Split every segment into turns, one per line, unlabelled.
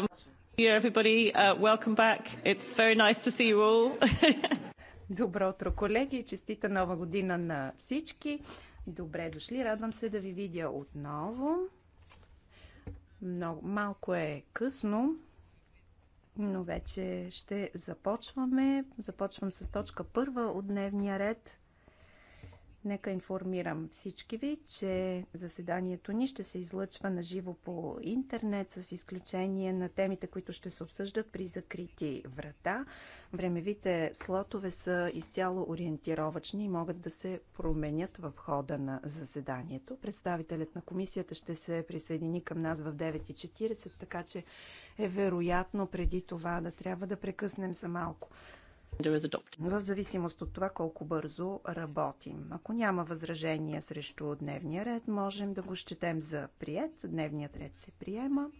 Um,
here, everybody. Uh, welcome back. It's very nice to see you all.
Добро утро, колеги! Честита нова година на всички! Добре дошли! Радвам се да ви видя отново. Много, малко е късно, но вече ще започваме. Започвам с точка първа от дневния ред – Нека информирам всички ви, че заседанието ни ще се излъчва на живо по интернет, с изключение на темите, които ще се обсъждат при закрити врата. Времевите слотове са изцяло ориентировачни и могат да се променят в хода на заседанието. Представителят на комисията ще се присъедини към нас в 9.40, така че е вероятно преди това да трябва да прекъснем за малко в зависимост от това колко бързо работим. Ако няма възражения срещу дневния ред, можем да го щетем за прият. Дневният ред се приема.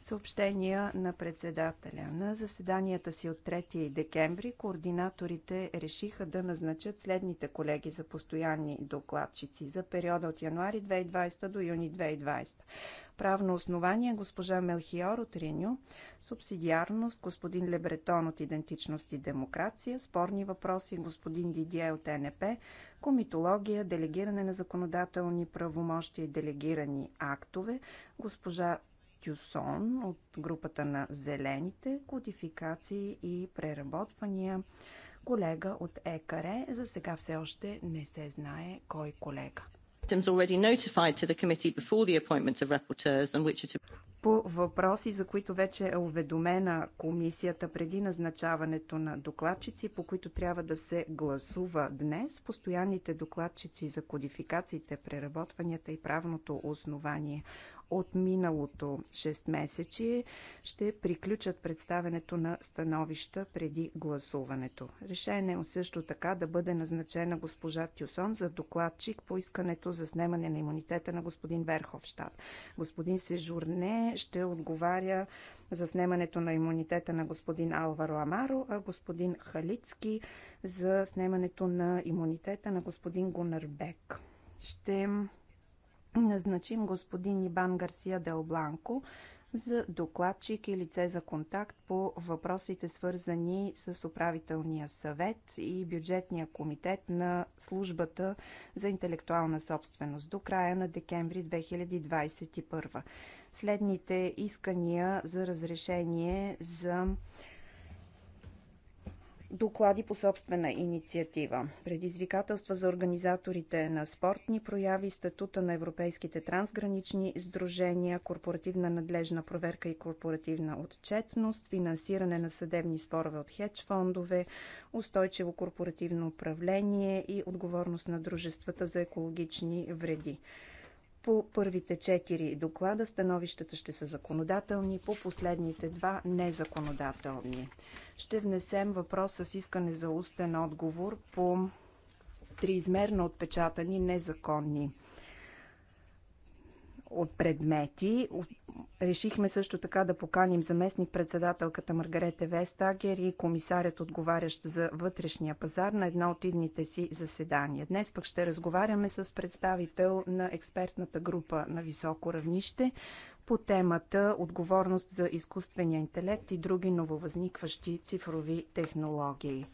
Съобщения на председателя. На заседанията си от 3 декември координаторите решиха да назначат следните колеги за постоянни докладчици за периода от януари 2020 до юни 2020. Правно основание е госпожа Мелхиор от Риню, субсидиарност господин Лебретон от Идентичност и демокрация, спорни въпроси господин Дидие от НП, комитология, делегиране на законодателни правомощи и делегирани актове, госпожа Тюсон от групата на Зелените, кодификации и преработвания, колега от ЕКАРЕ. За сега все още не се знае кой колега. По въпроси, за които вече е уведомена комисията преди назначаването на докладчици, по които трябва да се гласува днес, постоянните докладчици за кодификациите, преработванията и правното основание от миналото 6 месечи ще приключат представенето на становища преди гласуването. Решение е също така да бъде назначена госпожа Тюсон за докладчик по искането за снемане на имунитета на господин Верховщад. Господин Сежурне ще отговаря за снемането на имунитета на господин Алваро Амаро, а господин Халицки за снемането на имунитета на господин Гунарбек. Ще назначим господин Ибан Гарсия Дел Бланко за докладчик и лице за контакт по въпросите свързани с управителния съвет и бюджетния комитет на службата за интелектуална собственост до края на декември 2021. Следните искания за разрешение за доклади по собствена инициатива, предизвикателства за организаторите на спортни прояви, статута на европейските трансгранични сдружения, корпоративна надлежна проверка и корпоративна отчетност, финансиране на съдебни спорове от хедж фондове, устойчиво корпоративно управление и отговорност на дружествата за екологични вреди. По първите четири доклада становищата ще са законодателни, по последните два незаконодателни. Ще внесем въпрос с искане за устен отговор по триизмерно отпечатани незаконни от предмети. Решихме също така да поканим заместник председателката Маргарете Вестагер и комисарят отговарящ за вътрешния пазар на една от идните си заседания. Днес пък ще разговаряме с представител на експертната група на високо равнище по темата отговорност за изкуствения интелект и други нововъзникващи цифрови технологии.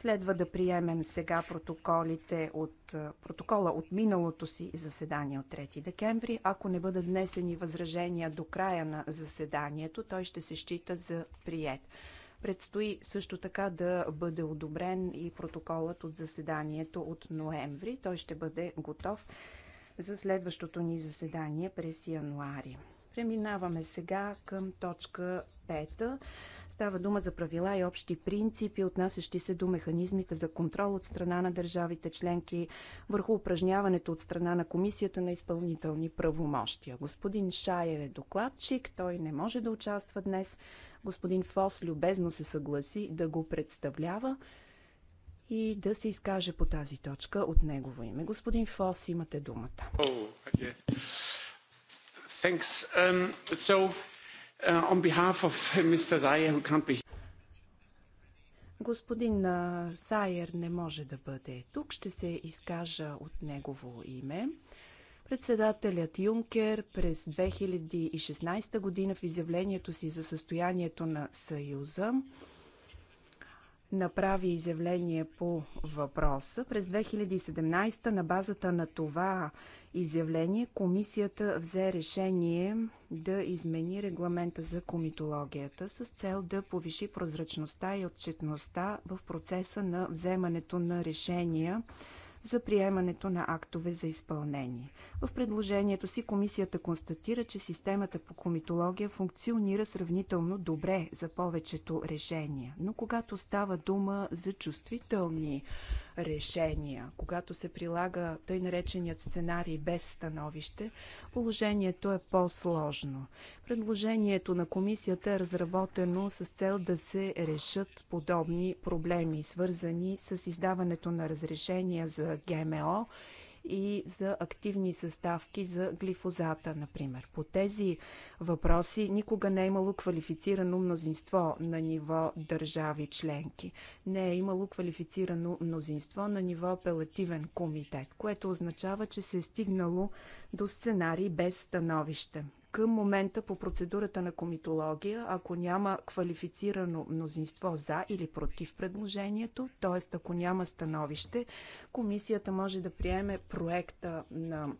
Следва да приемем сега протоколите от протокола от миналото си заседание от 3 декември. Ако не бъдат внесени възражения до края на заседанието, той ще се счита за прият. Предстои също така да бъде одобрен и протоколът от заседанието от ноември. Той ще бъде готов за следващото ни заседание през януари. Преминаваме сега към точка 5. Става дума за правила и общи принципи, отнасящи се до механизмите за контрол от страна на държавите членки върху упражняването от страна на Комисията на изпълнителни правомощия. Господин Шайер е докладчик, той не може да участва днес. Господин Фос любезно се съгласи да го представлява и да се изкаже по тази точка от негово име. Господин Фос, имате думата. Oh,
Thanks. Um, uh, on behalf of Mr. who can't be
Господин Сайер uh, не може да бъде тук. Ще се изкажа от негово име. Председателят Юнкер през 2016 година в изявлението си за състоянието на Съюза направи изявление по въпроса. През 2017 на базата на това изявление комисията взе решение да измени регламента за комитологията с цел да повиши прозрачността и отчетността в процеса на вземането на решения за приемането на актове за изпълнение. В предложението си комисията констатира, че системата по комитология функционира сравнително добре за повечето решения. Но когато става дума за чувствителни решения. Когато се прилага тъй нареченият сценарий без становище, положението е по-сложно. Предложението на комисията е разработено с цел да се решат подобни проблеми, свързани с издаването на разрешения за ГМО и за активни съставки за глифозата, например. По тези въпроси никога не е имало квалифицирано мнозинство на ниво държави членки. Не е имало квалифицирано мнозинство на ниво апелативен комитет, което означава, че се е стигнало до сценарий без становище към момента по процедурата на комитология, ако няма квалифицирано мнозинство за или против предложението, т.е. ако няма становище, комисията може да приеме проекта на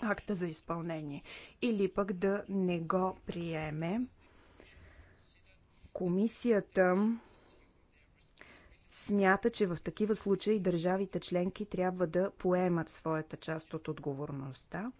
акта за изпълнение или пък да не го приеме. Комисията смята, че в такива случаи държавите членки трябва да поемат своята част от отговорността.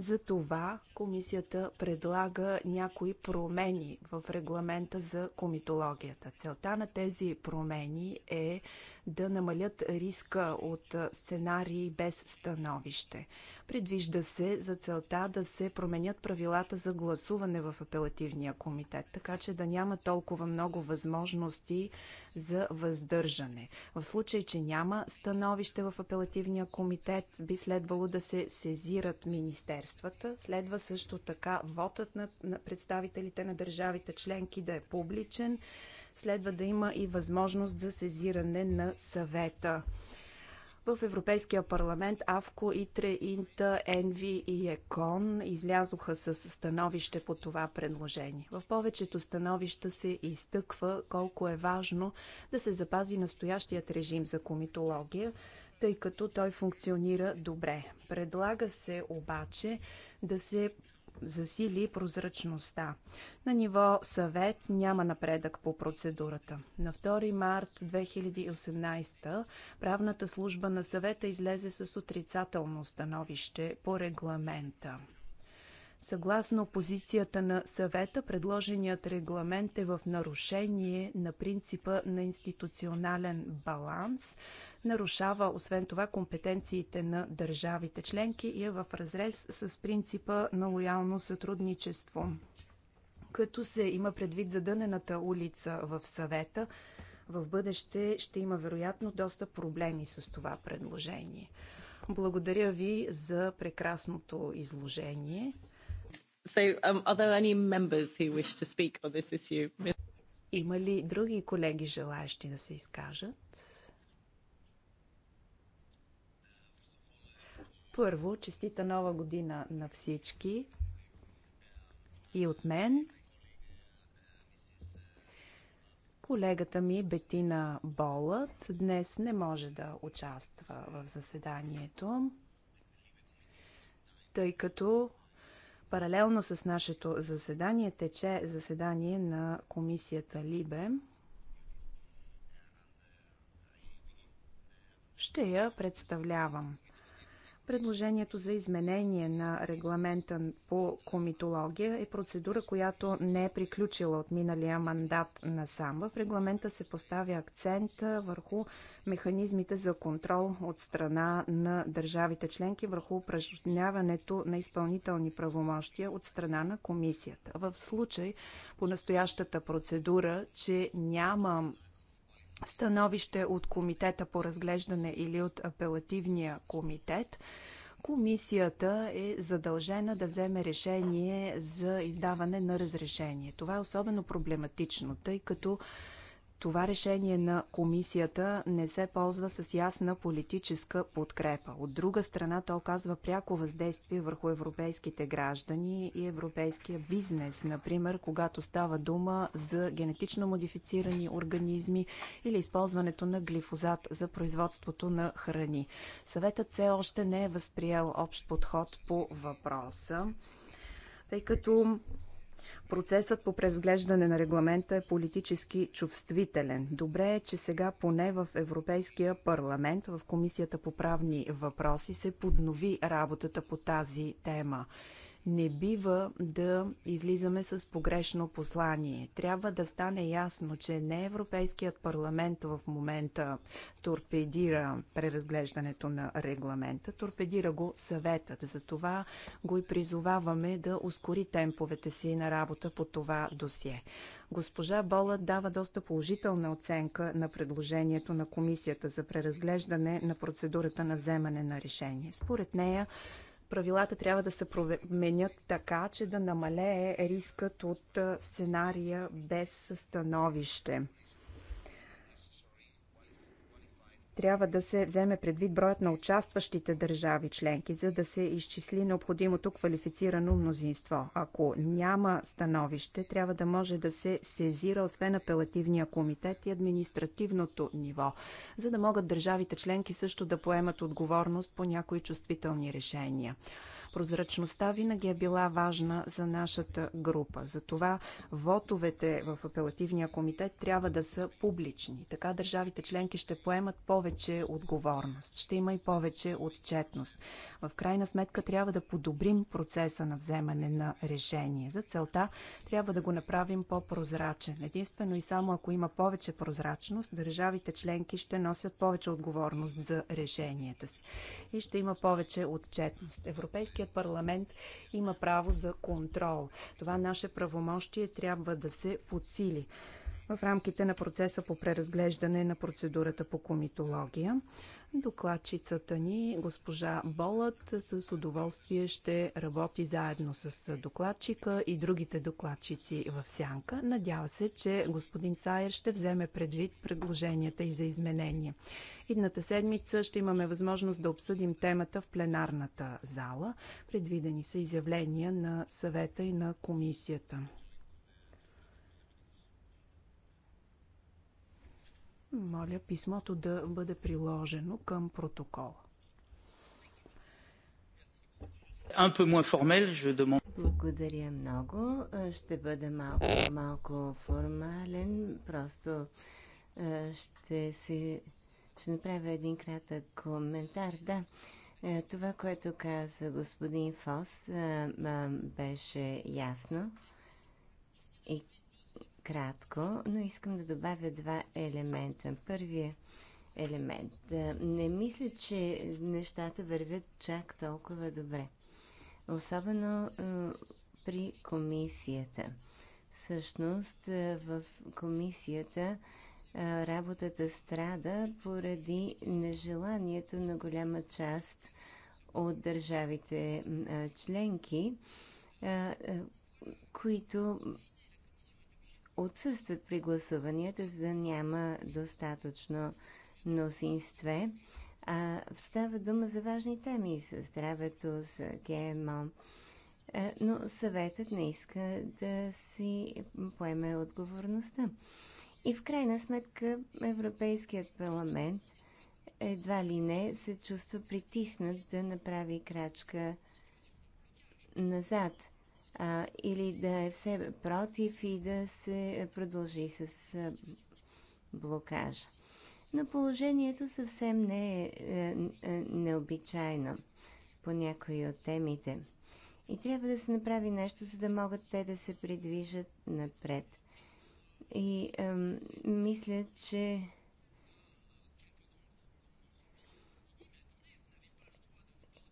Затова комисията предлага някои промени в регламента за комитологията. Целта на тези промени е да намалят риска от сценарии без становище. Предвижда се за целта да се променят правилата за гласуване в апелативния комитет, така че да няма толкова много възможности за въздържане. В случай, че няма становище в апелативния комитет, би следвало да се сезират министерствата. Следва също така вотът на представителите на държавите членки да е публичен следва да има и възможност за сезиране на съвета. В Европейския парламент АВКО, ИТРЕ, ИНТА, ЕНВИ и ЕКОН излязоха с становище по това предложение. В повечето становища се изтъква колко е важно да се запази настоящият режим за комитология, тъй като той функционира добре. Предлага се обаче да се засили прозрачността. На ниво съвет няма напредък по процедурата. На 2 март 2018 правната служба на съвета излезе с отрицателно становище по регламента. Съгласно позицията на съвета, предложеният регламент е в нарушение на принципа на институционален баланс, нарушава освен това компетенциите на държавите членки и е в разрез с принципа на лоялно сътрудничество. Като се има предвид задънената улица в съвета, в бъдеще ще има вероятно доста проблеми с това предложение. Благодаря ви за прекрасното изложение. So, um, are there any members who wish to speak
on this issue?
Има ли други колеги желаящи да се изкажат? Първо, честита нова година на всички и от мен. Колегата ми Бетина Болът днес не може да участва в заседанието, тъй като Паралелно с нашето заседание тече заседание на комисията Либе. Ще я представлявам. Предложението за изменение на регламента по комитология е процедура, която не е приключила от миналия мандат на САМ. В регламента се поставя акцент върху механизмите за контрол от страна на държавите членки върху упражняването на изпълнителни правомощия от страна на комисията. В случай по настоящата процедура, че няма становище от комитета по разглеждане или от апелативния комитет, комисията е задължена да вземе решение за издаване на разрешение. Това е особено проблематично, тъй като това решение на комисията не се ползва с ясна политическа подкрепа. От друга страна, то оказва пряко въздействие върху европейските граждани и европейския бизнес, например, когато става дума за генетично модифицирани организми или използването на глифозат за производството на храни. Съветът все още не е възприел общ подход по въпроса, тъй като Процесът по презглеждане на регламента е политически чувствителен. Добре е, че сега поне в Европейския парламент, в Комисията по правни въпроси, се поднови работата по тази тема. Не бива да излизаме с погрешно послание. Трябва да стане ясно, че не Европейският парламент в момента торпедира преразглеждането на регламента, торпедира го съветът. Затова го и призоваваме да ускори темповете си на работа по това досие. Госпожа Бола дава доста положителна оценка на предложението на комисията за преразглеждане на процедурата на вземане на решение. Според нея, Правилата трябва да се променят така, че да намалее рискът от сценария без становище. трябва да се вземе предвид броят на участващите държави членки, за да се изчисли необходимото квалифицирано мнозинство. Ако няма становище, трябва да може да се сезира освен апелативния комитет и административното ниво, за да могат държавите членки също да поемат отговорност по някои чувствителни решения. Прозрачността винаги е била важна за нашата група. Затова вотовете в апелативния комитет трябва да са публични. Така държавите членки ще поемат повече отговорност. Ще има и повече отчетност. В крайна сметка трябва да подобрим процеса на вземане на решение. За целта трябва да го направим по-прозрачен. Единствено и само ако има повече прозрачност, държавите членки ще носят повече отговорност за решенията си и ще има повече отчетност. Европейският парламент има право за контрол. Това наше правомощие трябва да се подсили в рамките на процеса по преразглеждане на процедурата по комитология. Докладчицата ни, госпожа Болът, с удоволствие ще работи заедно с докладчика и другите докладчици в сянка. Надява се, че господин Сайер ще вземе предвид предложенията и за изменение. Идната седмица ще имаме възможност да обсъдим темата в пленарната зала. Предвидени са изявления на съвета и на комисията. Моля писмото да бъде приложено към протокола.
Благодаря много.
Ще бъде малко,
малко формален. Просто е, ще, се, ще направя един кратък коментар. Да, е, това, което каза господин Фос, е, беше ясно кратко, но искам да добавя два елемента. Първият елемент. Не мисля, че нещата вървят чак толкова добре. Особено при комисията. Всъщност в комисията работата страда поради нежеланието на голяма част от държавите членки, които отсъстват при гласуванията, за да няма достатъчно носинстве. А става дума за важни теми с здравето, с ГМО. Е, но съветът не иска да си поеме отговорността. И в крайна сметка Европейският парламент едва ли не се чувства притиснат да направи крачка назад – а, или да е все против и да се продължи с а, блокажа. Но положението съвсем не е, е, е необичайно по някои от темите. И трябва да се направи нещо, за да могат те да се придвижат напред. И ем, мисля, че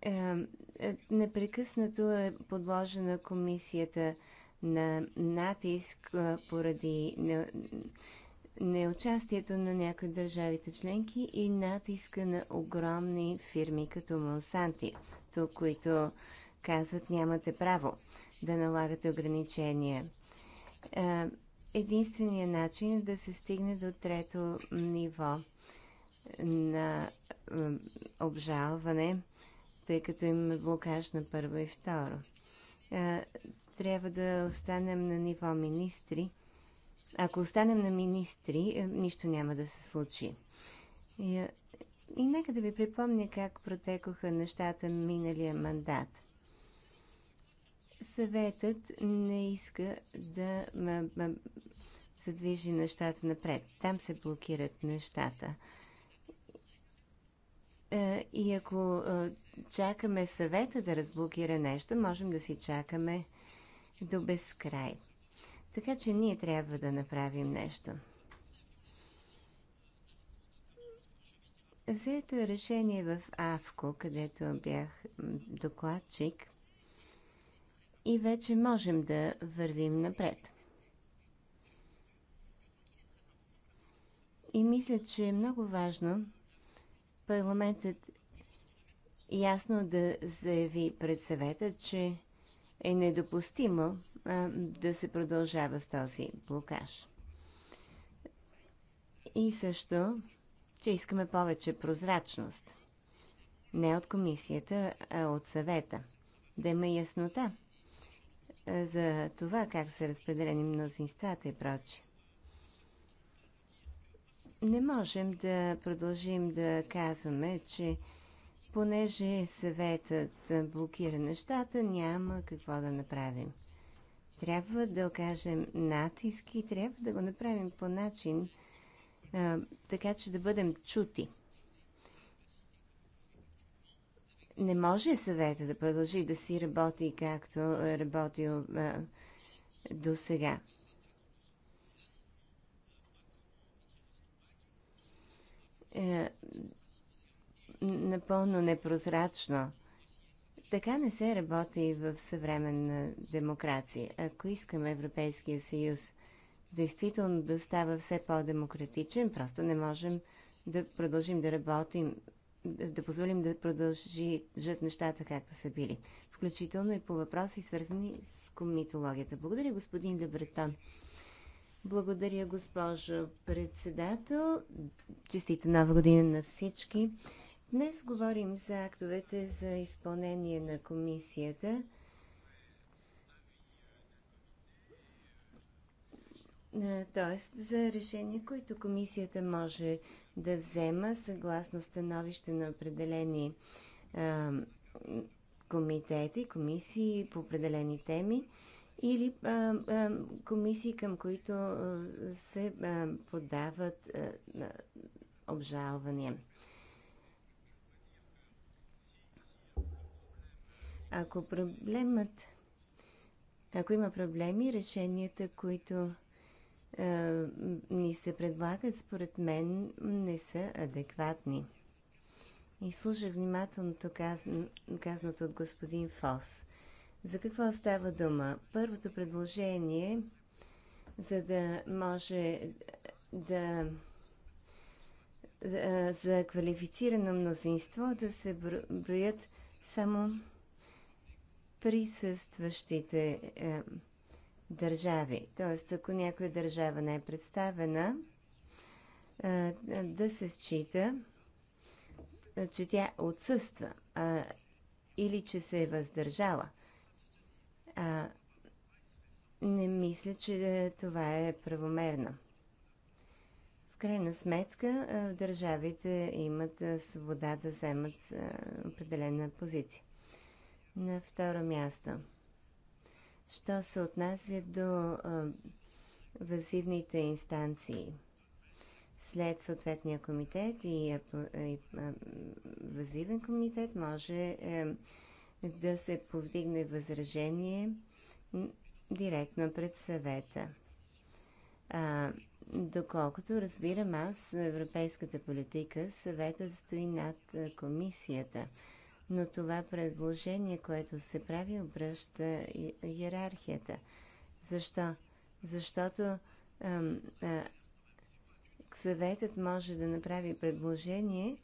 ем, е, непрекъснато е подложена комисията на натиск поради неучастието на някои държавите членки и натиска на огромни фирми като Монсанти, които казват нямате право да налагате ограничения. Е, единственият начин е да се стигне до трето ниво на обжалване – тъй като имаме блокаж на първо и второ. Трябва да останем на ниво министри. Ако останем на министри, е, нищо няма да се случи. И, е, и нека да ви припомня как протекоха нещата миналия мандат. Съветът не иска да задвижи нещата напред. Там се блокират нещата. Е, и ако е, чакаме съвета да разблокира нещо, можем да си чакаме до безкрай. Така че ние трябва да направим нещо. Взето е решение в АВКО, където бях докладчик и вече можем да вървим напред. И мисля, че е много важно парламентът ясно да заяви пред съвета, че е недопустимо а, да се продължава с този блокаж. И също, че искаме повече прозрачност. Не от комисията, а от съвета. Да има яснота за това как са разпределени мнозинствата и прочи не можем да продължим да казваме, че понеже съветът блокира нещата, няма какво да направим. Трябва да окажем натиск и трябва да го направим по начин, а, така че да бъдем чути. Не може съвета да продължи да си работи както е работил а, до сега. е, напълно непрозрачно. Така не се работи в съвременна демокрация. Ако искаме Европейския съюз действително да става все по-демократичен, просто не можем да продължим да работим, да позволим да продължат нещата както са били. Включително и по въпроси, свързани с комитологията. Благодаря, господин Лебретон. Благодаря, госпожо председател. Честита нова година на всички. Днес говорим за актовете за изпълнение на комисията. т.е. за решения, които комисията може да взема съгласно становище на определени комитети, комисии по определени теми или а, а, комисии, към които а, се а, подават а, обжалвания. Ако проблемът, ако има проблеми, решенията, които а, ни се предлагат, според мен не са адекватни. И слушах внимателно казаното от господин Фос. За какво става дума? Първото предложение, за да може да за квалифицирано мнозинство да се броят само присъстващите е, държави. Тоест, ако някоя държава не е представена, е, да се счита, че тя отсъства е, или че се е въздържала. А, не мисля, че е, това е правомерно. В крайна сметка, държавите имат свобода да вземат определена позиция. На второ място, що се отнася до вазивните инстанции след съответния комитет и, и, и вазивен комитет може е, да се повдигне възражение директно пред съвета. А, доколкото разбирам аз, европейската политика, съветът стои над комисията. Но това предложение, което се прави, обръща иерархията. Защо? Защото ам, а, съветът може да направи предложение,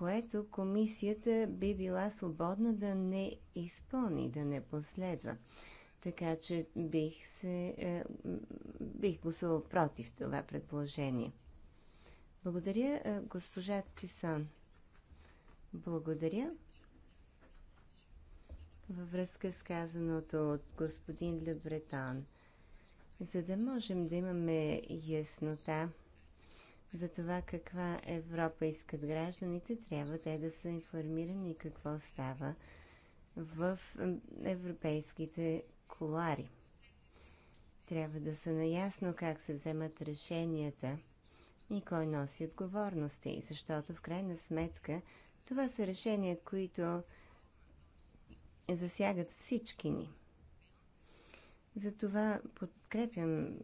което комисията би била свободна да не изпълни, да не последва. Така че бих, се, е, бих гласувал против това предложение. Благодаря, е, госпожа Тюсан. Благодаря. Във връзка с казаното от господин Лебретон, за да можем да имаме яснота за това каква Европа искат гражданите, трябва те да са информирани какво става в европейските колари. Трябва да са наясно как се вземат решенията и кой носи отговорности, защото в крайна сметка това са решения, които засягат всички ни. Затова подкрепям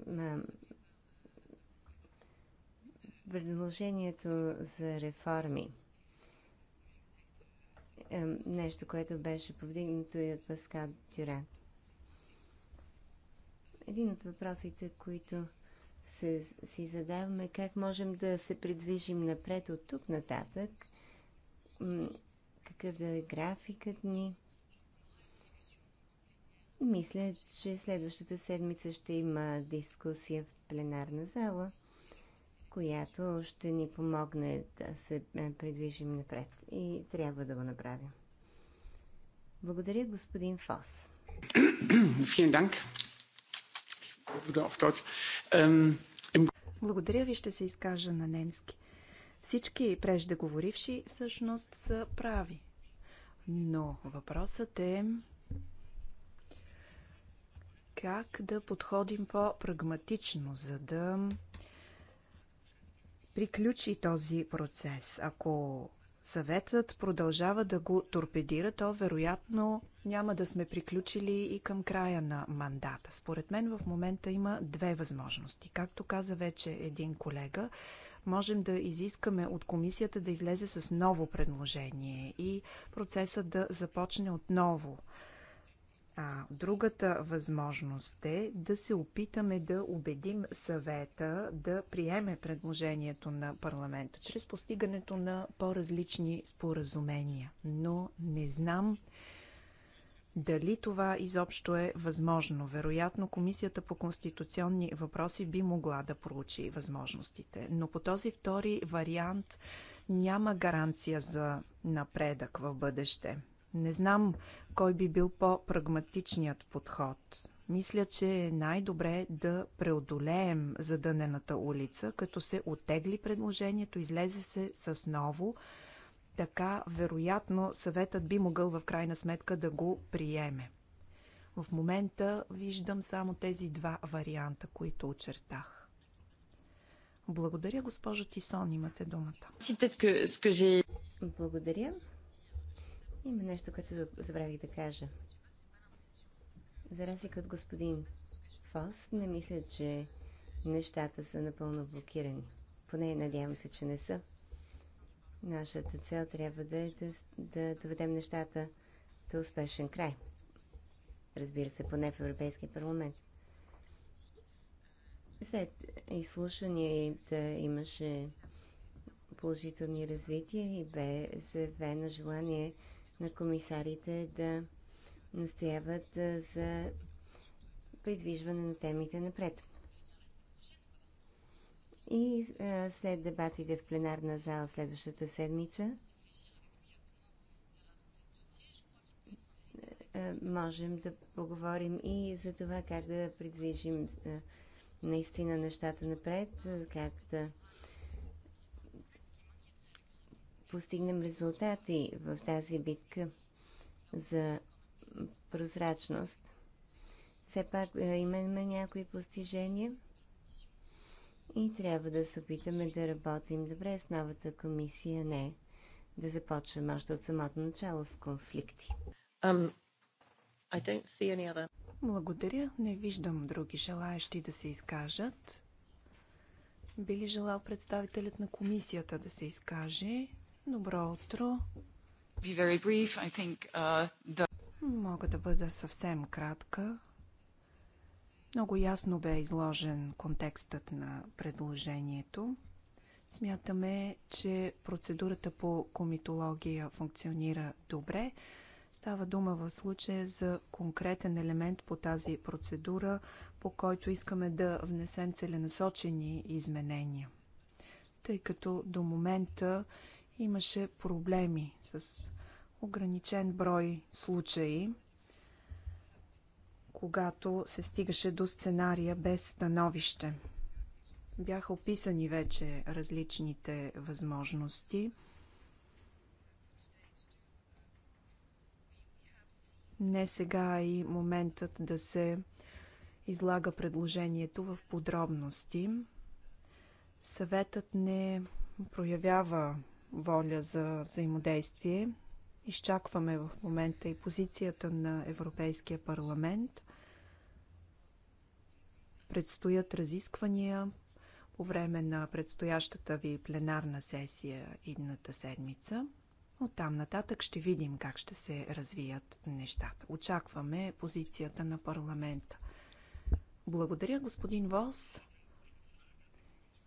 предложението за реформи. нещо, което беше повдигнато и от Паскал Тюре. Един от въпросите, които се, си задаваме, е как можем да се придвижим напред от тук нататък, какъв да е графикът ни. Мисля, че следващата седмица ще има дискусия в пленарна зала – която ще ни помогне да се е, придвижим напред. И трябва да го направим. Благодаря, господин Фос. Ähm,
Благодаря ви, ще се изкажа на немски. Всички преждеговоривши всъщност са прави. Но въпросът е как да подходим по-прагматично, за да приключи този процес. Ако съветът продължава да го торпедира, то вероятно няма да сме приключили и към края на мандата. Според мен в момента има две възможности. Както каза вече един колега, можем да изискаме от комисията да излезе с ново предложение и процесът да започне отново а другата възможност е да се опитаме да убедим съвета да приеме предложението на парламента чрез постигането на по-различни споразумения. Но не знам дали това изобщо е възможно. Вероятно, Комисията по конституционни въпроси би могла да проучи възможностите. Но по този втори вариант няма гаранция за напредък в бъдеще. Не знам кой би бил по-прагматичният подход. Мисля, че е най-добре да преодолеем задънената улица, като се отегли предложението, излезе се с ново. Така, вероятно, съветът би могъл в крайна сметка да го приеме. В момента виждам само тези два варианта, които очертах. Благодаря, госпожо Тисон, имате думата.
Благодаря.
Има нещо, което забравих да кажа.
За разлика от господин Фос, не мисля, че нещата са напълно блокирани. Поне надявам се, че не са. Нашата цел трябва да е да, да доведем нещата до успешен край. Разбира се, поне в Европейския парламент. След изслушвания да имаше положителни развития и бе заявено желание на комисарите да настояват за придвижване на темите напред. И а, след дебатите в пленарна зала следващата седмица а, можем да поговорим и за това как да придвижим а, наистина нещата напред, как да постигнем резултати в тази битка за прозрачност. Все пак е, имаме някои постижения и трябва да се опитаме да работим добре с новата комисия, не да започваме още от самото начало с конфликти. Um,
I don't see any other... Благодаря. Не виждам други желаящи да се изкажат. Би ли желал представителят на комисията да се изкаже? Добро утро.
Uh,
Мога да бъда съвсем кратка. Много ясно бе изложен контекстът на предложението. Смятаме, че процедурата по комитология функционира добре. Става дума в случая за конкретен елемент по тази процедура, по който искаме да внесем целенасочени изменения. Тъй като до момента имаше проблеми с ограничен брой случаи, когато се стигаше до сценария без становище. Бяха описани вече различните възможности. Не сега е и моментът да се излага предложението в подробности. Съветът не проявява воля за взаимодействие. Изчакваме в момента и позицията на Европейския парламент. Предстоят разисквания по време на предстоящата ви пленарна сесия идната седмица. От там нататък ще видим как ще се развият нещата. Очакваме позицията на парламента. Благодаря, господин Вос.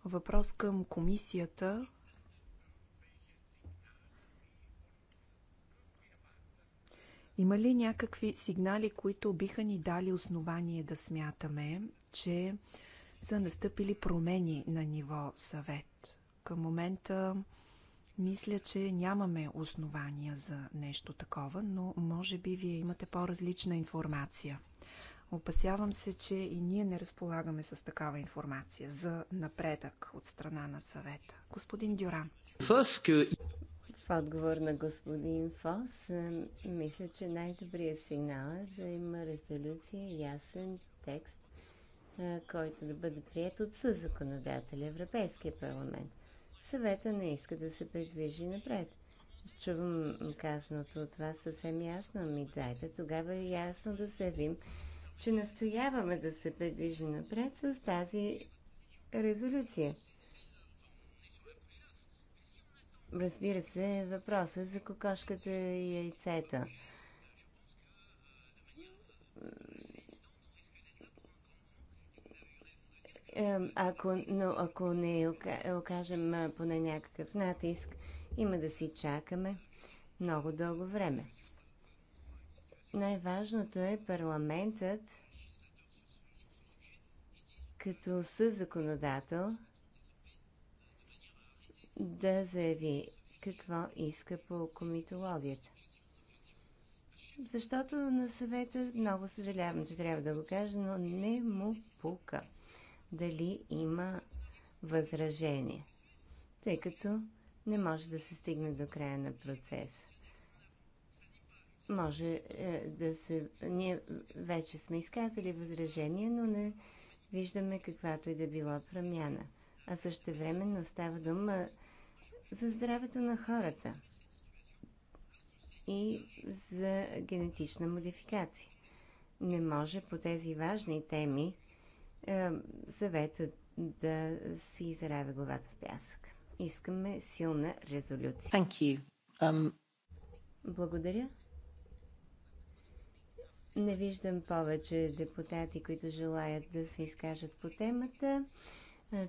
Въпрос към комисията Има ли някакви сигнали, които биха ни дали основание да смятаме, че са настъпили промени на ниво съвет? Към момента мисля, че нямаме основания за нещо такова, но може би вие имате по-различна информация. Опасявам се, че и ние не разполагаме с такава информация за напредък от страна на съвета. Господин Дюран
отговор на господин Фос, е, мисля, че най-добрият сигнал е да има резолюция, ясен текст, е, който да бъде прият от съзаконодателя Европейския парламент. Съвета не иска да се придвижи напред. Чувам казаното от вас съвсем ясно. Ми дайте тогава е ясно да заявим, че настояваме да се придвижи напред с тази резолюция разбира се, въпроса за кокошката и яйцето. Ако, но ако не окажем поне някакъв натиск, има да си чакаме много дълго време. Най-важното е парламентът като съзаконодател законодател да заяви какво иска по комитологията. Защото на съвета, много съжалявам, че трябва да го кажа, но не му пука дали има възражение, тъй като не може да се стигне до края на процеса. Може е, да се... Ние вече сме изказали възражение, но не виждаме каквато и да била промяна. А също времено става дума за здравето на хората и за генетична модификация. Не може по тези важни теми е, съветът да си изравя главата в пясък. Искаме силна резолюция. Thank you. Um... Благодаря. Не виждам повече депутати, които желаят да се изкажат по темата. Е,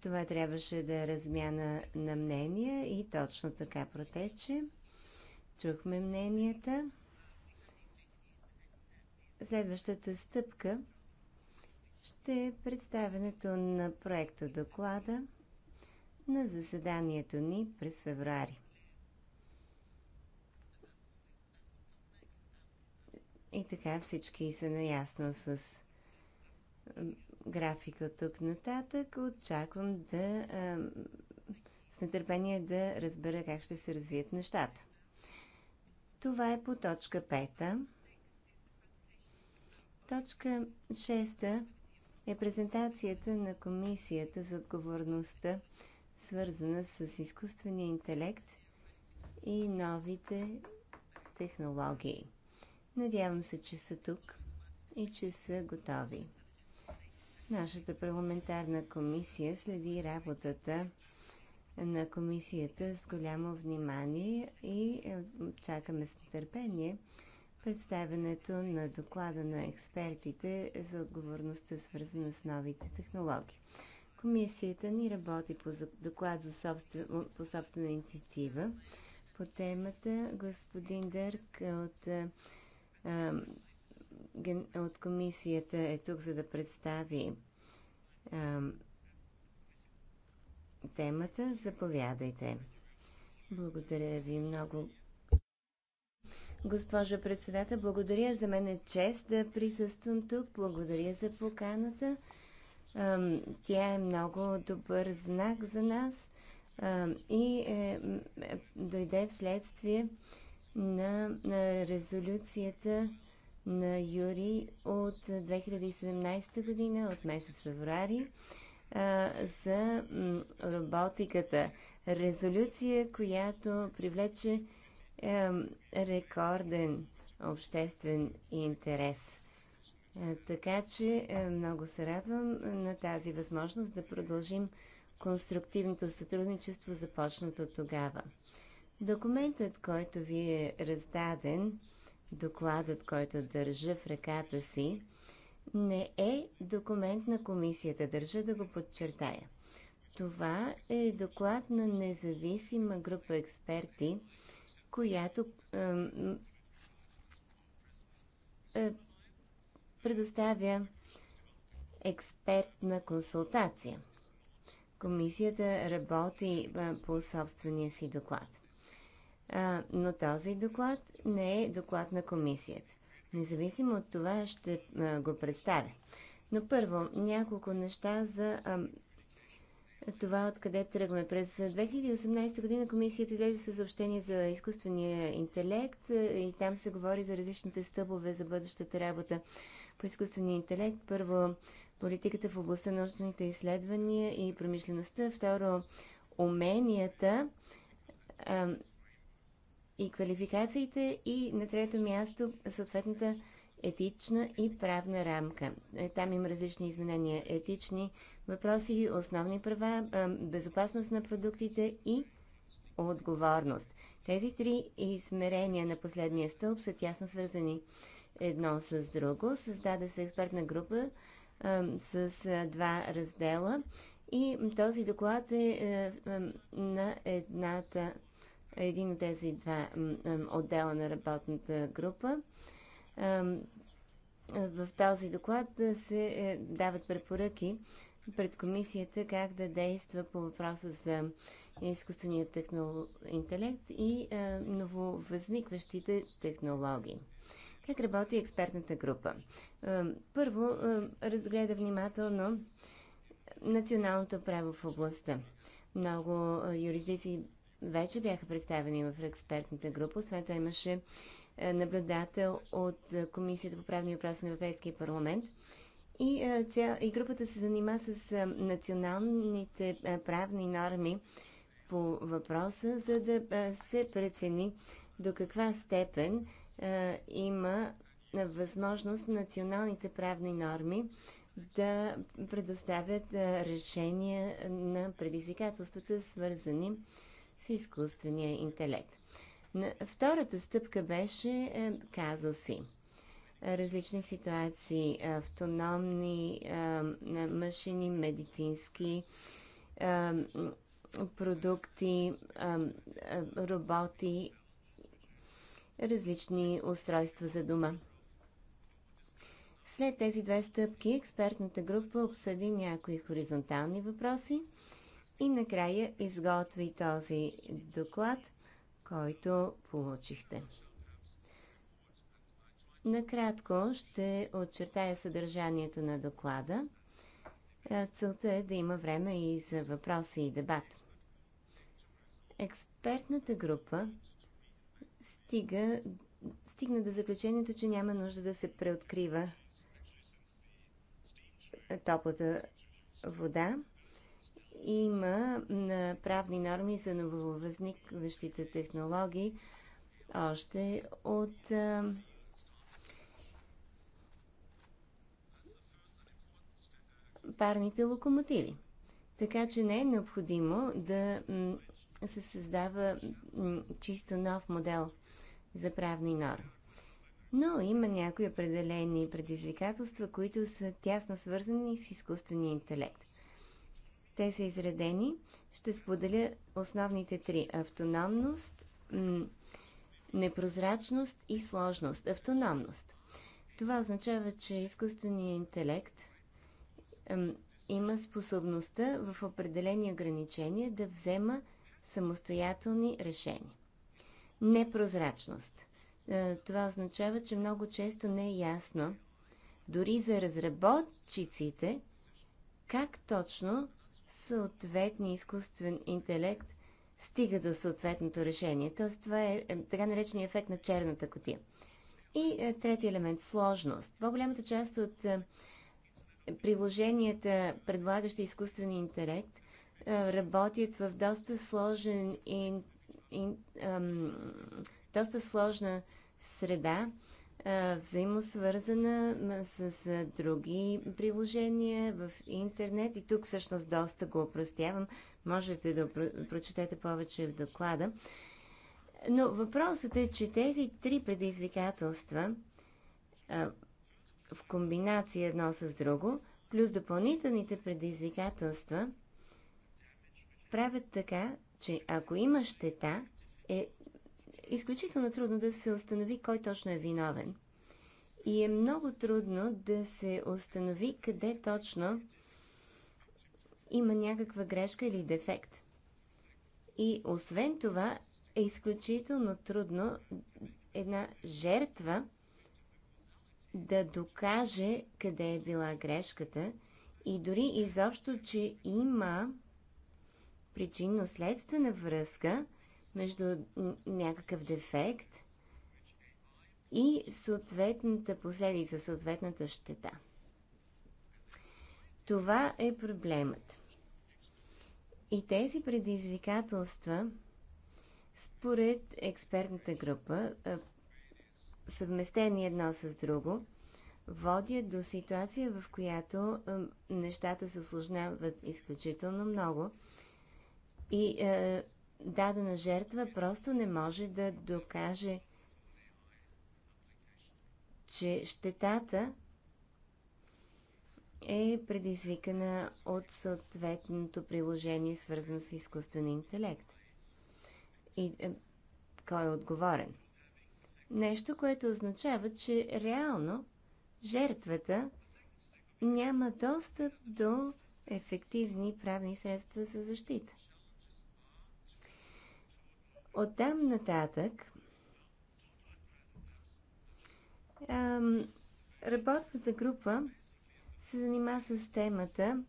това трябваше да е размяна на мнения и точно така протече. Чухме мненията. Следващата стъпка ще е представенето на проекта доклада на заседанието ни през феврари. И така всички са наясно с графика от тук нататък. Очаквам да а, с нетърпение да разбера как ще се развият нещата. Това е по точка 5. Точка 6 е презентацията на Комисията за отговорността, свързана с изкуствения интелект и новите технологии. Надявам се, че са тук и че са готови. Нашата парламентарна комисия следи работата на комисията с голямо внимание и е, чакаме с нетърпение представянето на доклада на експертите за отговорността, свързана с новите технологии. Комисията ни работи по доклад за собствен, по собствена инициатива по темата. Господин Дърк от е, е, от комисията е тук, за да представи а, темата. Заповядайте. Благодаря ви много. Госпожа председател, благодаря. За мен е чест да присъствам тук. Благодаря за поканата. А, тя е много добър знак за нас а, и е, е, дойде вследствие на, на резолюцията на Юри от 2017 година, от месец феврари, за роботиката. Резолюция, която привлече рекорден обществен интерес. Е, така че е, много се радвам на тази възможност да продължим конструктивното сътрудничество, започнато тогава. Документът, който ви е раздаден, докладът, който държа в ръката си, не е документ на комисията. Държа да го подчертая. Това е доклад на независима група експерти, която е, е, предоставя експертна консултация. Комисията работи е, по собствения си доклад. А, но този доклад не е доклад на комисията. Независимо от това ще а, го представя. Но първо, няколко неща за а, това откъде тръгваме. През 2018 година комисията излезе със съобщение за изкуствения интелект и там се говори за различните стъпове за бъдещата работа по изкуствения интелект. Първо, политиката в областта на научните изследвания и промишлеността. Второ, уменията и квалификациите и на трето място съответната етична и правна рамка. Е, там има различни изменения. Етични въпроси, основни права, безопасност на продуктите и отговорност. Тези три измерения на последния стълб са тясно свързани едно с друго. Създаде се експертна група а, с а, два раздела и този доклад е а, е, на едната един от тези два отдела на работната група. В този доклад се е, дават препоръки пред комисията как да действа по въпроса за изкуствения технол... интелект и нововъзникващите технологии. Как работи експертната група? Първо, разгледа внимателно националното право в областта. Много юрисдикции вече бяха представени в експертната група. Освен това имаше е, наблюдател от е, Комисията по правни въпроси на Европейския парламент. И, е, ця, и групата се занима с националните правни норми по въпроса, за да се прецени до каква степен има възможност националните правни норми да предоставят решения на предизвикателствата, свързани с с изкуствения интелект. Втората стъпка беше е, казуси. Различни ситуации, автономни е, машини, медицински е, продукти, роботи, различни устройства за дома. След тези две стъпки експертната група обсъди някои хоризонтални въпроси – и накрая изготви този доклад, който получихте. Накратко ще отчертая съдържанието на доклада. Е, целта е да има време и за въпроси и дебат. Експертната група стига, стигна до заключението, че няма нужда да се преоткрива топлата вода има правни норми за нововъзникващите технологии още от парните локомотиви. Така че не е необходимо да се създава чисто нов модел за правни норми. Но има някои определени предизвикателства, които са тясно свързани с изкуствения интелект. Те са изредени. Ще споделя основните три. Автономност, непрозрачност и сложност. Автономност. Това означава, че изкуственият интелект има способността в определени ограничения да взема самостоятелни решения. Непрозрачност. Е, това означава, че много често не е ясно, дори за разработчиците, как точно съответния изкуствен интелект стига до съответното решение. Т.е. това е, е така наречения ефект на черната котия. И е, трети елемент – сложност. По-голямата част от е, приложенията, предлагащи изкуствен интелект, работят в доста сложен и ам, доста сложна среда, взаимосвързана с други приложения в интернет и тук всъщност доста го опростявам. Можете да прочетете повече в доклада. Но въпросът е, че тези три предизвикателства в комбинация едно с друго, плюс допълнителните предизвикателства, правят така, че ако има щета, е изключително трудно да се установи кой точно е виновен. И е много трудно да се установи къде точно има някаква грешка или дефект. И освен това е изключително трудно една жертва да докаже къде е била грешката и дори изобщо, че има причинно-следствена връзка между някакъв дефект и съответната последица, съответната щета. Това е проблемът. И тези предизвикателства, според експертната група, съвместени едно с друго, водят до ситуация, в която нещата се осложняват изключително много и е, дадена жертва просто не може да докаже, че щетата е предизвикана от съответното приложение, свързано с изкуствен интелект. И е, кой е отговорен? Нещо, което означава, че реално жертвата няма достъп до ефективни правни средства за защита. Оттам нататък работната група се занима с темата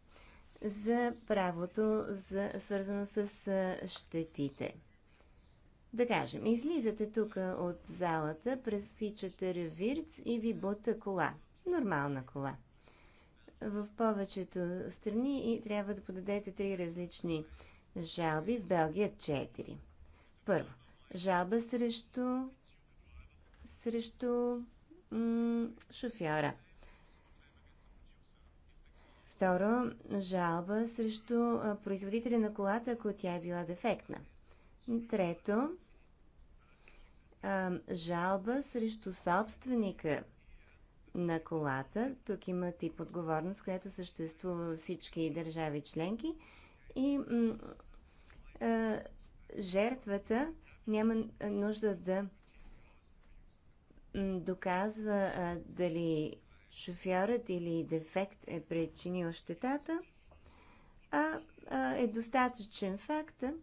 за правото, за, свързано с щетите. Да кажем, излизате тук от залата, пресичате ревирц и ви бута кола. Нормална кола. В повечето страни и трябва да подадете три различни жалби, в Белгия четири. Първо, жалба срещу, срещу шофьора. Второ, жалба срещу производителя на колата, ако тя е била дефектна. Трето, жалба срещу собственика на колата. Тук има тип отговорност, която съществува във всички държави членки. И жертвата няма нужда да доказва а, дали шофьорът или дефект е причинил щетата, а, а е достатъчен факта,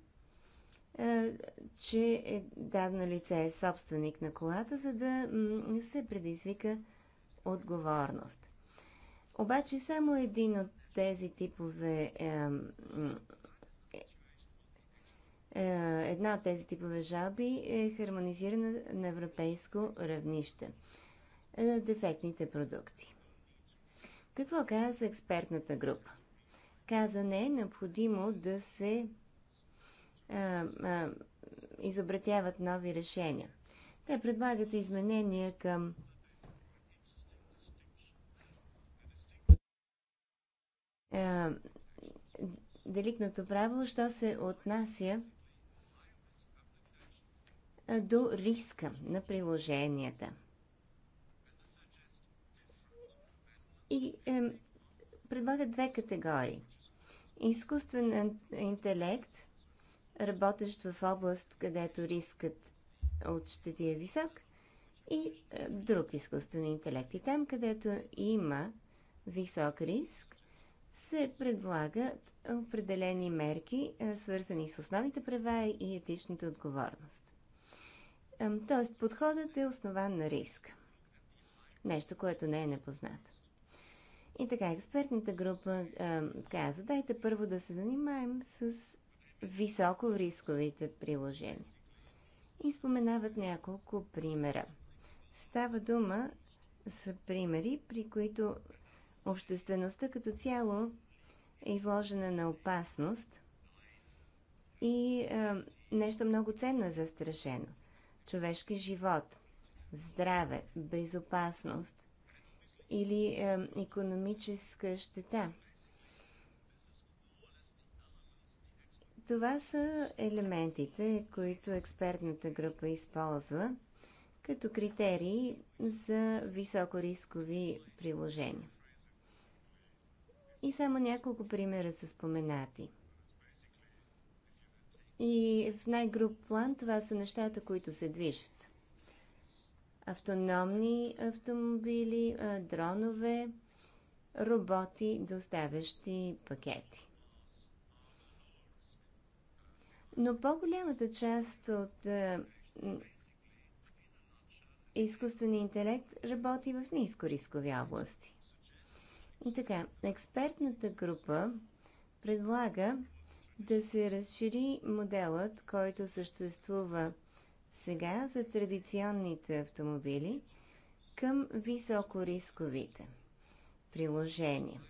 а, че е дадено лице е собственик на колата, за да се предизвика отговорност. Обаче само един от тези типове а, е, една от тези типове жалби е хармонизирана на европейско равнище. Е, дефектните продукти. Какво каза експертната група? Каза не е необходимо да се а, е, а, изобретяват нови решения. Те предлагат изменения към а, деликното право, що се отнася до риска на приложенията. И е, предлага две категории. Изкуствен интелект, работещ в област, където рискът от щети е висок, и е, друг изкуствен интелект. И там, където има висок риск, се предлагат определени мерки, е, свързани с основните права и етичната отговорност. Тоест, подходът е основан на риск. Нещо, което не е непознато. И така, експертната група каза, дайте първо да се занимаем с високо рисковите приложения. И споменават няколко примера. Става дума за примери, при които обществеността като цяло е изложена на опасност и нещо много ценно е застрашено човешки живот, здраве, безопасност или е, економическа щета. Това са елементите, които експертната група използва като критерии за високорискови приложения. И само няколко примера са споменати. И в най-груп план това са нещата, които се движат. Автономни автомобили, дронове, роботи, доставящи пакети. Но по-голямата част от е, изкуствения интелект работи в нискорискови области. И така, експертната група предлага да се разшири моделът, който съществува сега за традиционните автомобили към високорисковите приложения.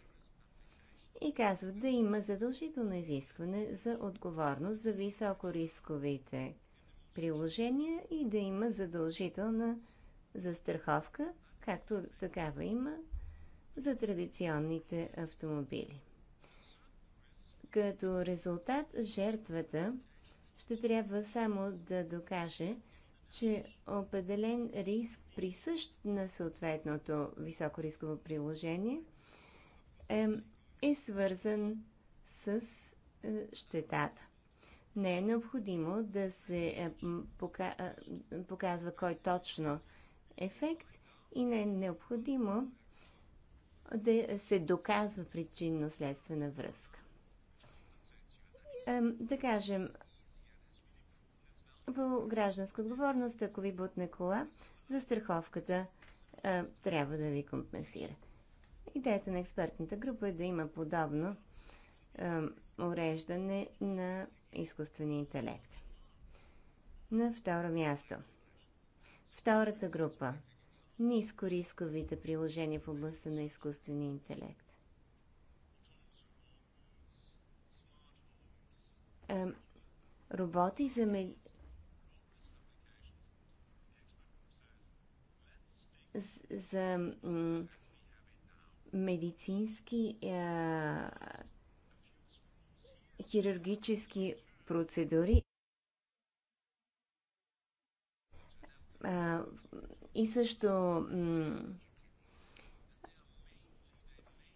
И казват да има задължително изискване за отговорност за високорисковите приложения и да има задължителна застраховка, както такава има за традиционните автомобили. Като резултат, жертвата ще трябва само да докаже, че определен риск присъщ на съответното високорисково приложение е, е свързан с е, щетата. Не е необходимо да се е, пока, е, показва кой точно ефект и не е необходимо да се доказва причинно-следствена връзка да кажем, по гражданска отговорност, ако ви бутне кола, застраховката а, е, трябва да ви компенсира. Идеята на експертната група е да има подобно а, уреждане на изкуствения интелект. На второ място. Втората група. Нискорисковите приложения в областта на изкуствения интелект. роботи за мед... за медицински хирургически процедури и също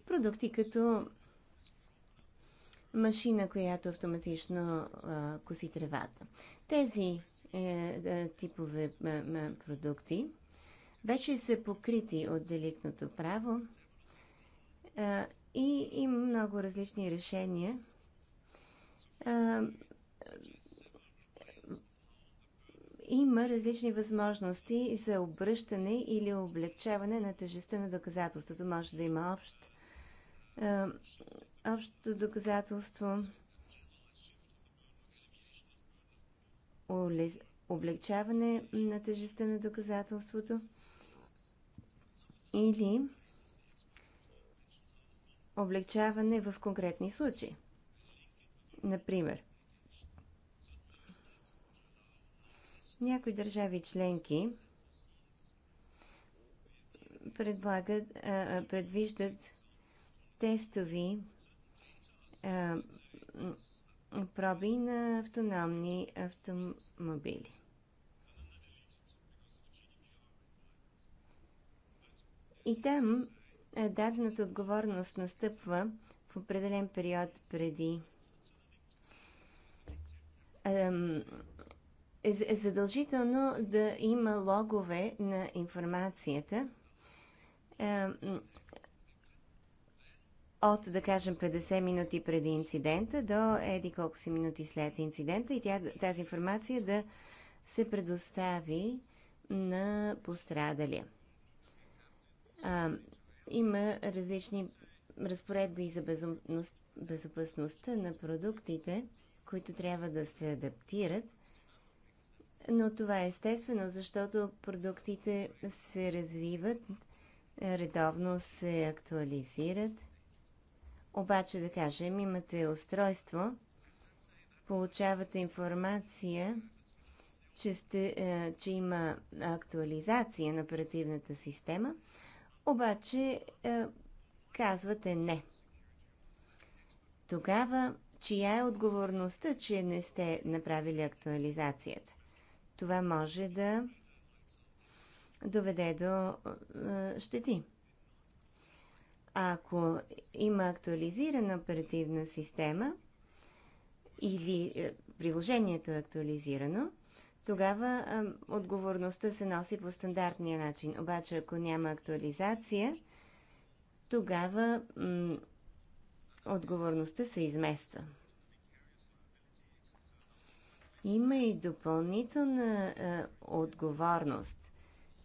продукти като машина, която автоматично а, коси тревата. Тези е, е типове е, е, продукти вече са покрити от деликтното право а, и има много различни решения. А, има различни възможности за обръщане или облегчаване на тежестта на доказателството. Може да има общ Общото доказателство облегчаване на тежестта на доказателството или облегчаване в конкретни случаи. Например, някои държави членки предлагат, предвиждат тестови е, проби на автономни автомобили. И там е, дадената отговорност настъпва в определен период преди е, е задължително да има логове на информацията от, да кажем, 50 минути преди инцидента до еди колко си минути след инцидента и тя, тази информация да се предостави на пострадалия. А, има различни разпоредби за безопасността на продуктите, които трябва да се адаптират, но това е естествено, защото продуктите се развиват, редовно се актуализират – обаче да кажем, имате устройство, получавате информация, че, сте, е, че има актуализация на оперативната система, обаче е, казвате не. Тогава, чия е отговорността, че не сте направили актуализацията? Това може да доведе до е, щети. Ако има актуализирана оперативна система или е, приложението е актуализирано, тогава е, отговорността се носи по стандартния начин. Обаче, ако няма актуализация, тогава отговорността се измества. Има и допълнителна а, е, отговорност.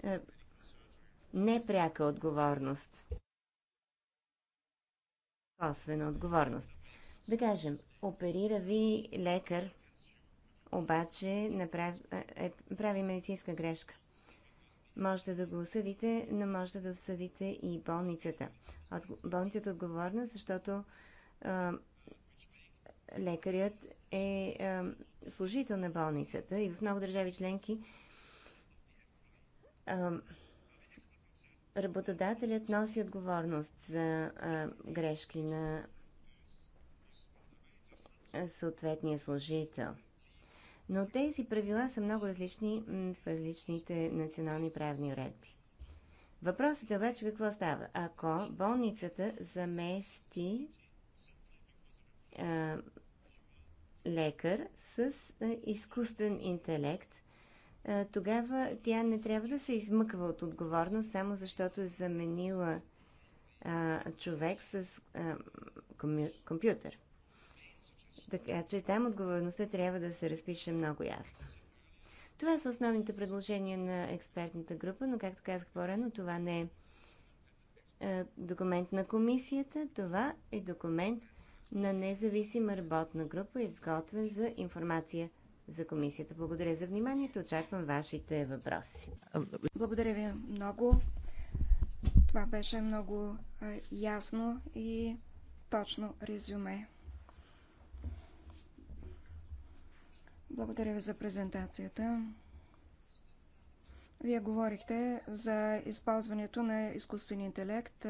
А, непряка отговорност косвена отговорност. Да кажем, оперира ви лекар, обаче направи, е, прави медицинска грешка. Можете да го осъдите, но можете да осъдите и болницата. От, болницата е отговорна, защото а, е, лекарят е а, е, служител на болницата и в много държави членки а, работодателят носи отговорност за а, грешки на съответния служител. Но тези правила са много различни в различните национални правни уредби. Въпросът е обаче какво става? Ако болницата замести а, лекар с а, изкуствен интелект, тогава тя не трябва да се измъква от отговорност, само защото е заменила а, човек с а, комю, компютър. Така че там отговорността трябва да се разпише много ясно. Това са основните предложения на експертната група, но както казах по-рано, това не е документ на комисията, това е документ на независима работна група, изготвен за информация за комисията. Благодаря за вниманието. Очаквам
вашите въпроси. Благодаря ви много. Това беше много ясно и точно резюме. Благодаря ви за презентацията. Вие говорихте за използването на изкуствен интелект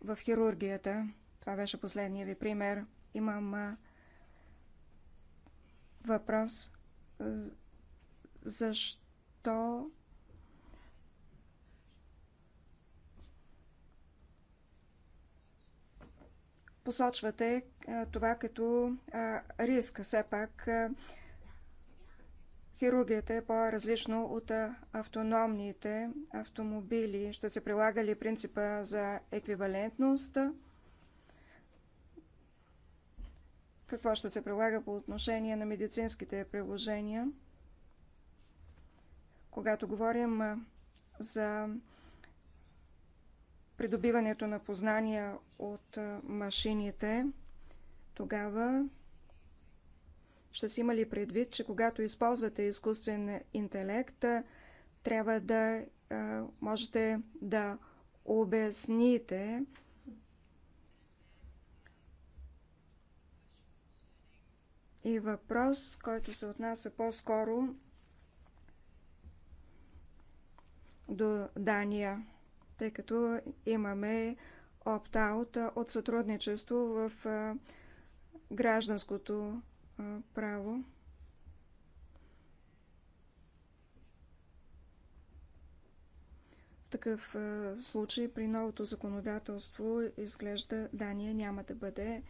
в хирургията. Това беше последния ви пример. Имам въпрос защо посочвате това като риск. Все пак хирургията е по-различно от автономните автомобили. Ще се прилага ли принципа за еквивалентност? какво ще се прилага по отношение на медицинските приложения. Когато говорим за придобиването на познания от машините, тогава ще си имали предвид, че когато използвате изкуствен интелект, трябва да можете да обясните и въпрос, който се отнася по-скоро до Дания, тъй като имаме опт-аут от сътрудничество в гражданското право. В такъв случай при новото законодателство изглежда Дания няма да бъде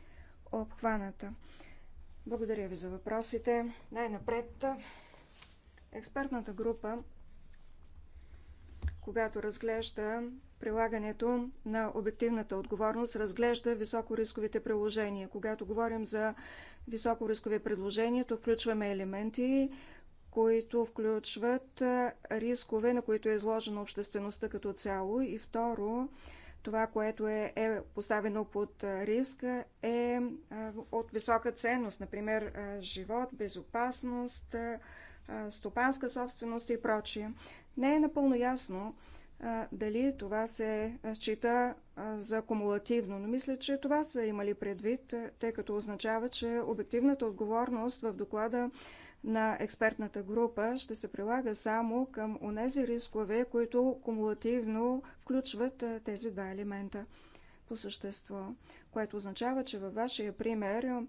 обхваната. Благодаря ви за въпросите. Най-напред, експертната група, когато разглежда прилагането на обективната отговорност, разглежда високорисковите приложения. Когато говорим за високорискови предложения, то включваме елементи, които включват рискове, на които е изложена обществеността като цяло. И второ, това, което е, е поставено под риск е от висока ценност, например живот, безопасност, стопанска собственост и прочие. Не е напълно ясно дали това се счита за кумулативно, но мисля, че това са имали предвид, тъй като означава, че обективната отговорност в доклада на експертната група ще се прилага само към онези рискове, които кумулативно включват тези два елемента по същество, което означава, че във вашия пример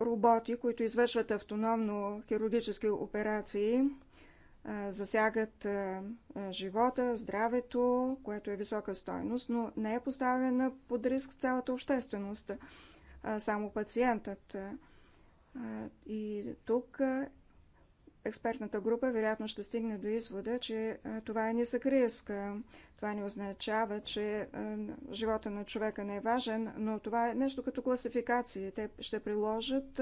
роботи, които извършват автономно хирургически операции, засягат живота, здравето, което е висока стойност, но не е поставена под риск цялата общественост, само пациентът. И тук експертната група вероятно ще стигне до извода, че това е нисък риск. Това не означава, че живота на човека не е важен, но това е нещо като класификации. Те ще приложат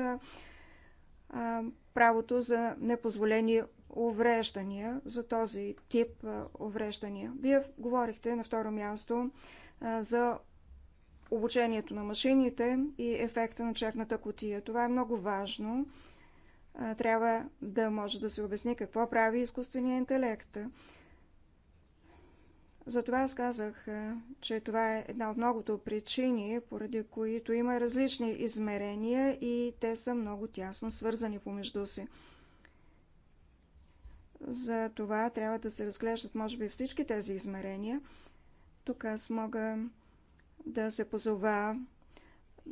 правото за непозволени увреждания, за този тип увреждания. Вие говорихте на второ място за обучението на машините и ефекта на черната котия. Това е много важно. Трябва да може да се обясни какво прави изкуственият интелект. Затова аз казах, че това е една от многото причини, поради които има различни измерения и те са много тясно свързани помежду си. За това трябва да се разглеждат, може би, всички тези измерения. Тук аз мога да се позова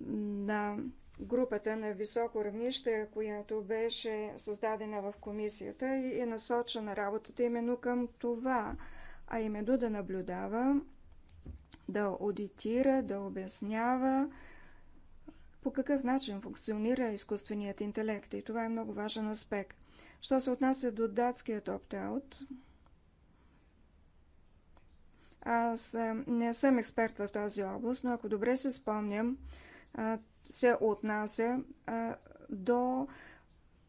на групата на високо равнище, която беше създадена в комисията и е насочена работата именно към това, а именно да наблюдава, да аудитира, да обяснява по какъв начин функционира изкуственият интелект. И това е много важен аспект. Що се отнася до датският опт-аут, аз е, не съм експерт в тази област, но ако добре се спомням, е, се отнася е, до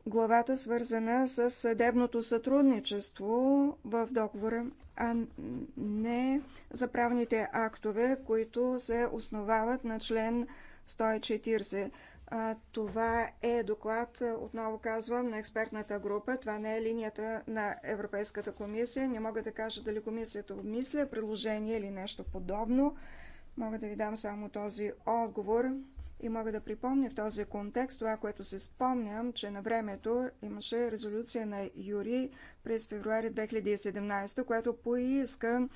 главата, свързана с съдебното сътрудничество в договора, а не за правните актове, които се основават на член 140. Това е доклад, отново казвам, на експертната група. Това не е линията на Европейската комисия. Не мога да кажа дали комисията обмисля предложение или нещо подобно. Мога да ви дам само този отговор и мога да припомня в този контекст това, което се спомням, че на времето имаше резолюция на Юри през февруари 2017, което поиска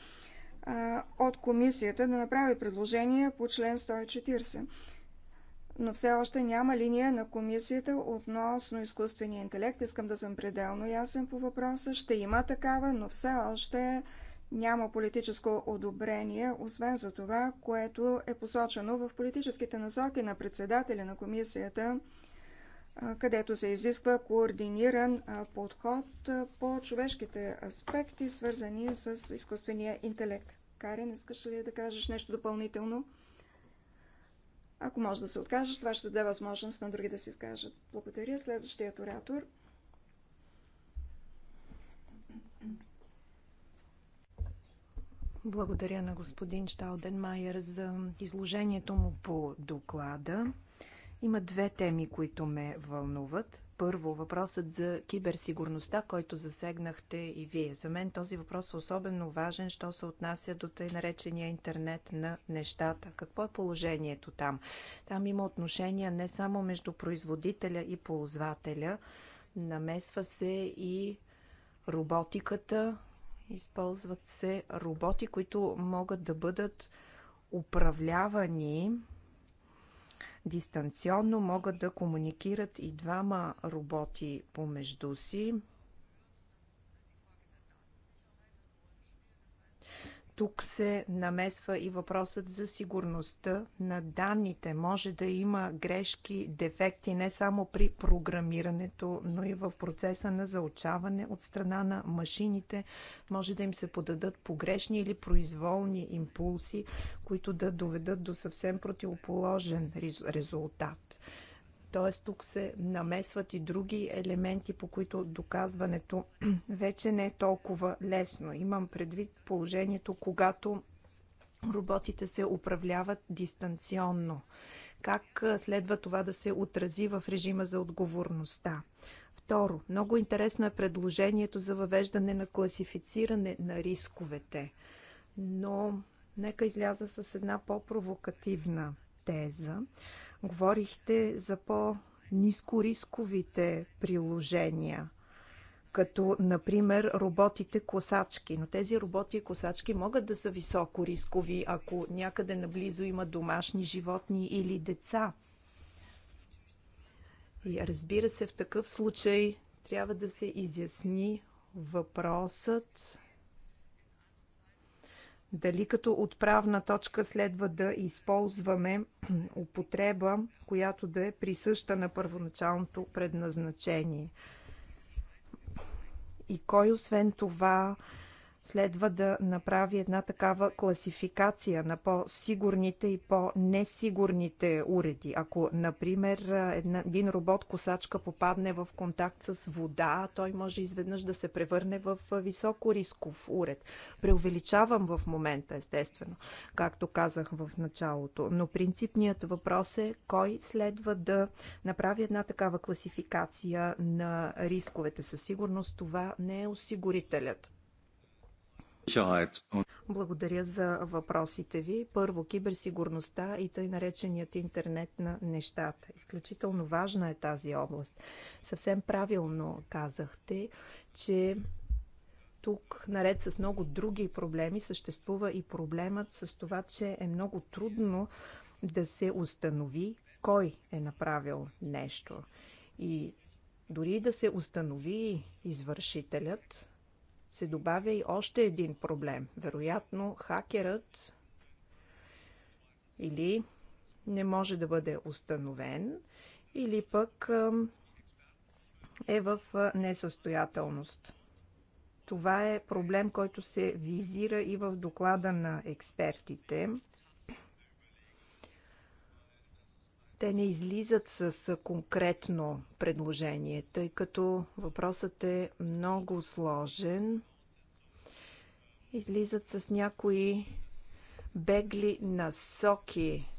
от комисията да направи предложение по член 140 но все още няма линия на комисията относно изкуствения интелект. Искам да съм пределно ясен по въпроса. Ще има такава, но все още няма политическо одобрение, освен за това, което е посочено в политическите насоки на председателя на комисията, където се изисква координиран подход по човешките аспекти, свързани с изкуствения интелект. Карен, искаш ли да кажеш нещо допълнително? Ако може да се откажеш, това ще даде възможност на други да се изкажат. Благодаря. Следващият оратор.
Благодаря на господин Шталденмайер за изложението му по доклада. Има две теми, които ме вълнуват. Първо, въпросът за киберсигурността, който засегнахте и вие. За мен този въпрос е особено важен, що се отнася до тъй наречения интернет на нещата. Какво е положението там? Там има отношения не само между производителя и ползвателя, намесва се и роботиката, използват се роботи, които могат да бъдат управлявани дистанционно могат да комуникират и двама роботи помежду си. Тук се намесва и въпросът за сигурността на данните. Може да има грешки, дефекти не само при програмирането, но и в процеса на заучаване от страна на машините. Може да им се подадат погрешни или произволни импулси, които да доведат до съвсем противоположен резултат т.е. тук се намесват и други елементи, по които доказването вече не е толкова лесно. Имам предвид положението, когато роботите се управляват дистанционно. Как следва това да се отрази в режима за отговорността? Второ, много интересно е предложението за въвеждане на класифициране на рисковете, но нека изляза с една по-провокативна теза. Говорихте за по-низкорисковите приложения, като например роботите косачки. Но тези роботи и косачки могат да са високорискови, ако някъде наблизо има домашни животни или деца. И разбира се, в такъв случай трябва да се изясни въпросът дали като отправна точка следва да използваме употреба, която да е присъща на първоначалното предназначение. И кой освен това следва да направи една такава класификация на по-сигурните и по-несигурните уреди. Ако, например, една, един робот-косачка попадне в контакт с вода, той може изведнъж да се превърне в високо рисков уред. Преувеличавам в момента, естествено, както казах в началото. Но принципният въпрос е кой следва да направи една такава класификация на рисковете. Със сигурност това не е осигурителят. Благодаря за въпросите ви. Първо, киберсигурността и тъй нареченият интернет на нещата. Изключително важна е тази област. Съвсем правилно казахте, че тук, наред с много други проблеми, съществува и проблемът с това, че е много трудно да се установи кой е направил нещо. И дори да се установи извършителят, се добавя и още един проблем. Вероятно, хакерът или не може да бъде установен, или пък е в несъстоятелност. Това е проблем, който се визира и в доклада на експертите. Те не излизат с конкретно предложение, тъй като въпросът е много сложен. Излизат с някои бегли насоки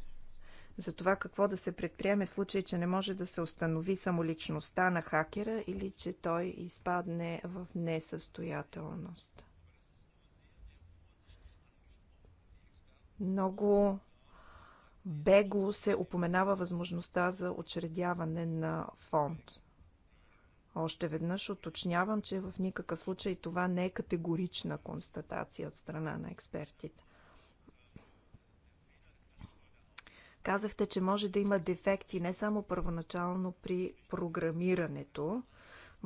за това какво да се предприеме в случай, че не може да се установи само личността на хакера или че той изпадне в несъстоятелност. Много бегло се упоменава възможността за учредяване на фонд. Още веднъж уточнявам, че в никакъв случай това не е категорична констатация от страна на експертите. Казахте, че може да има дефекти не само първоначално при програмирането,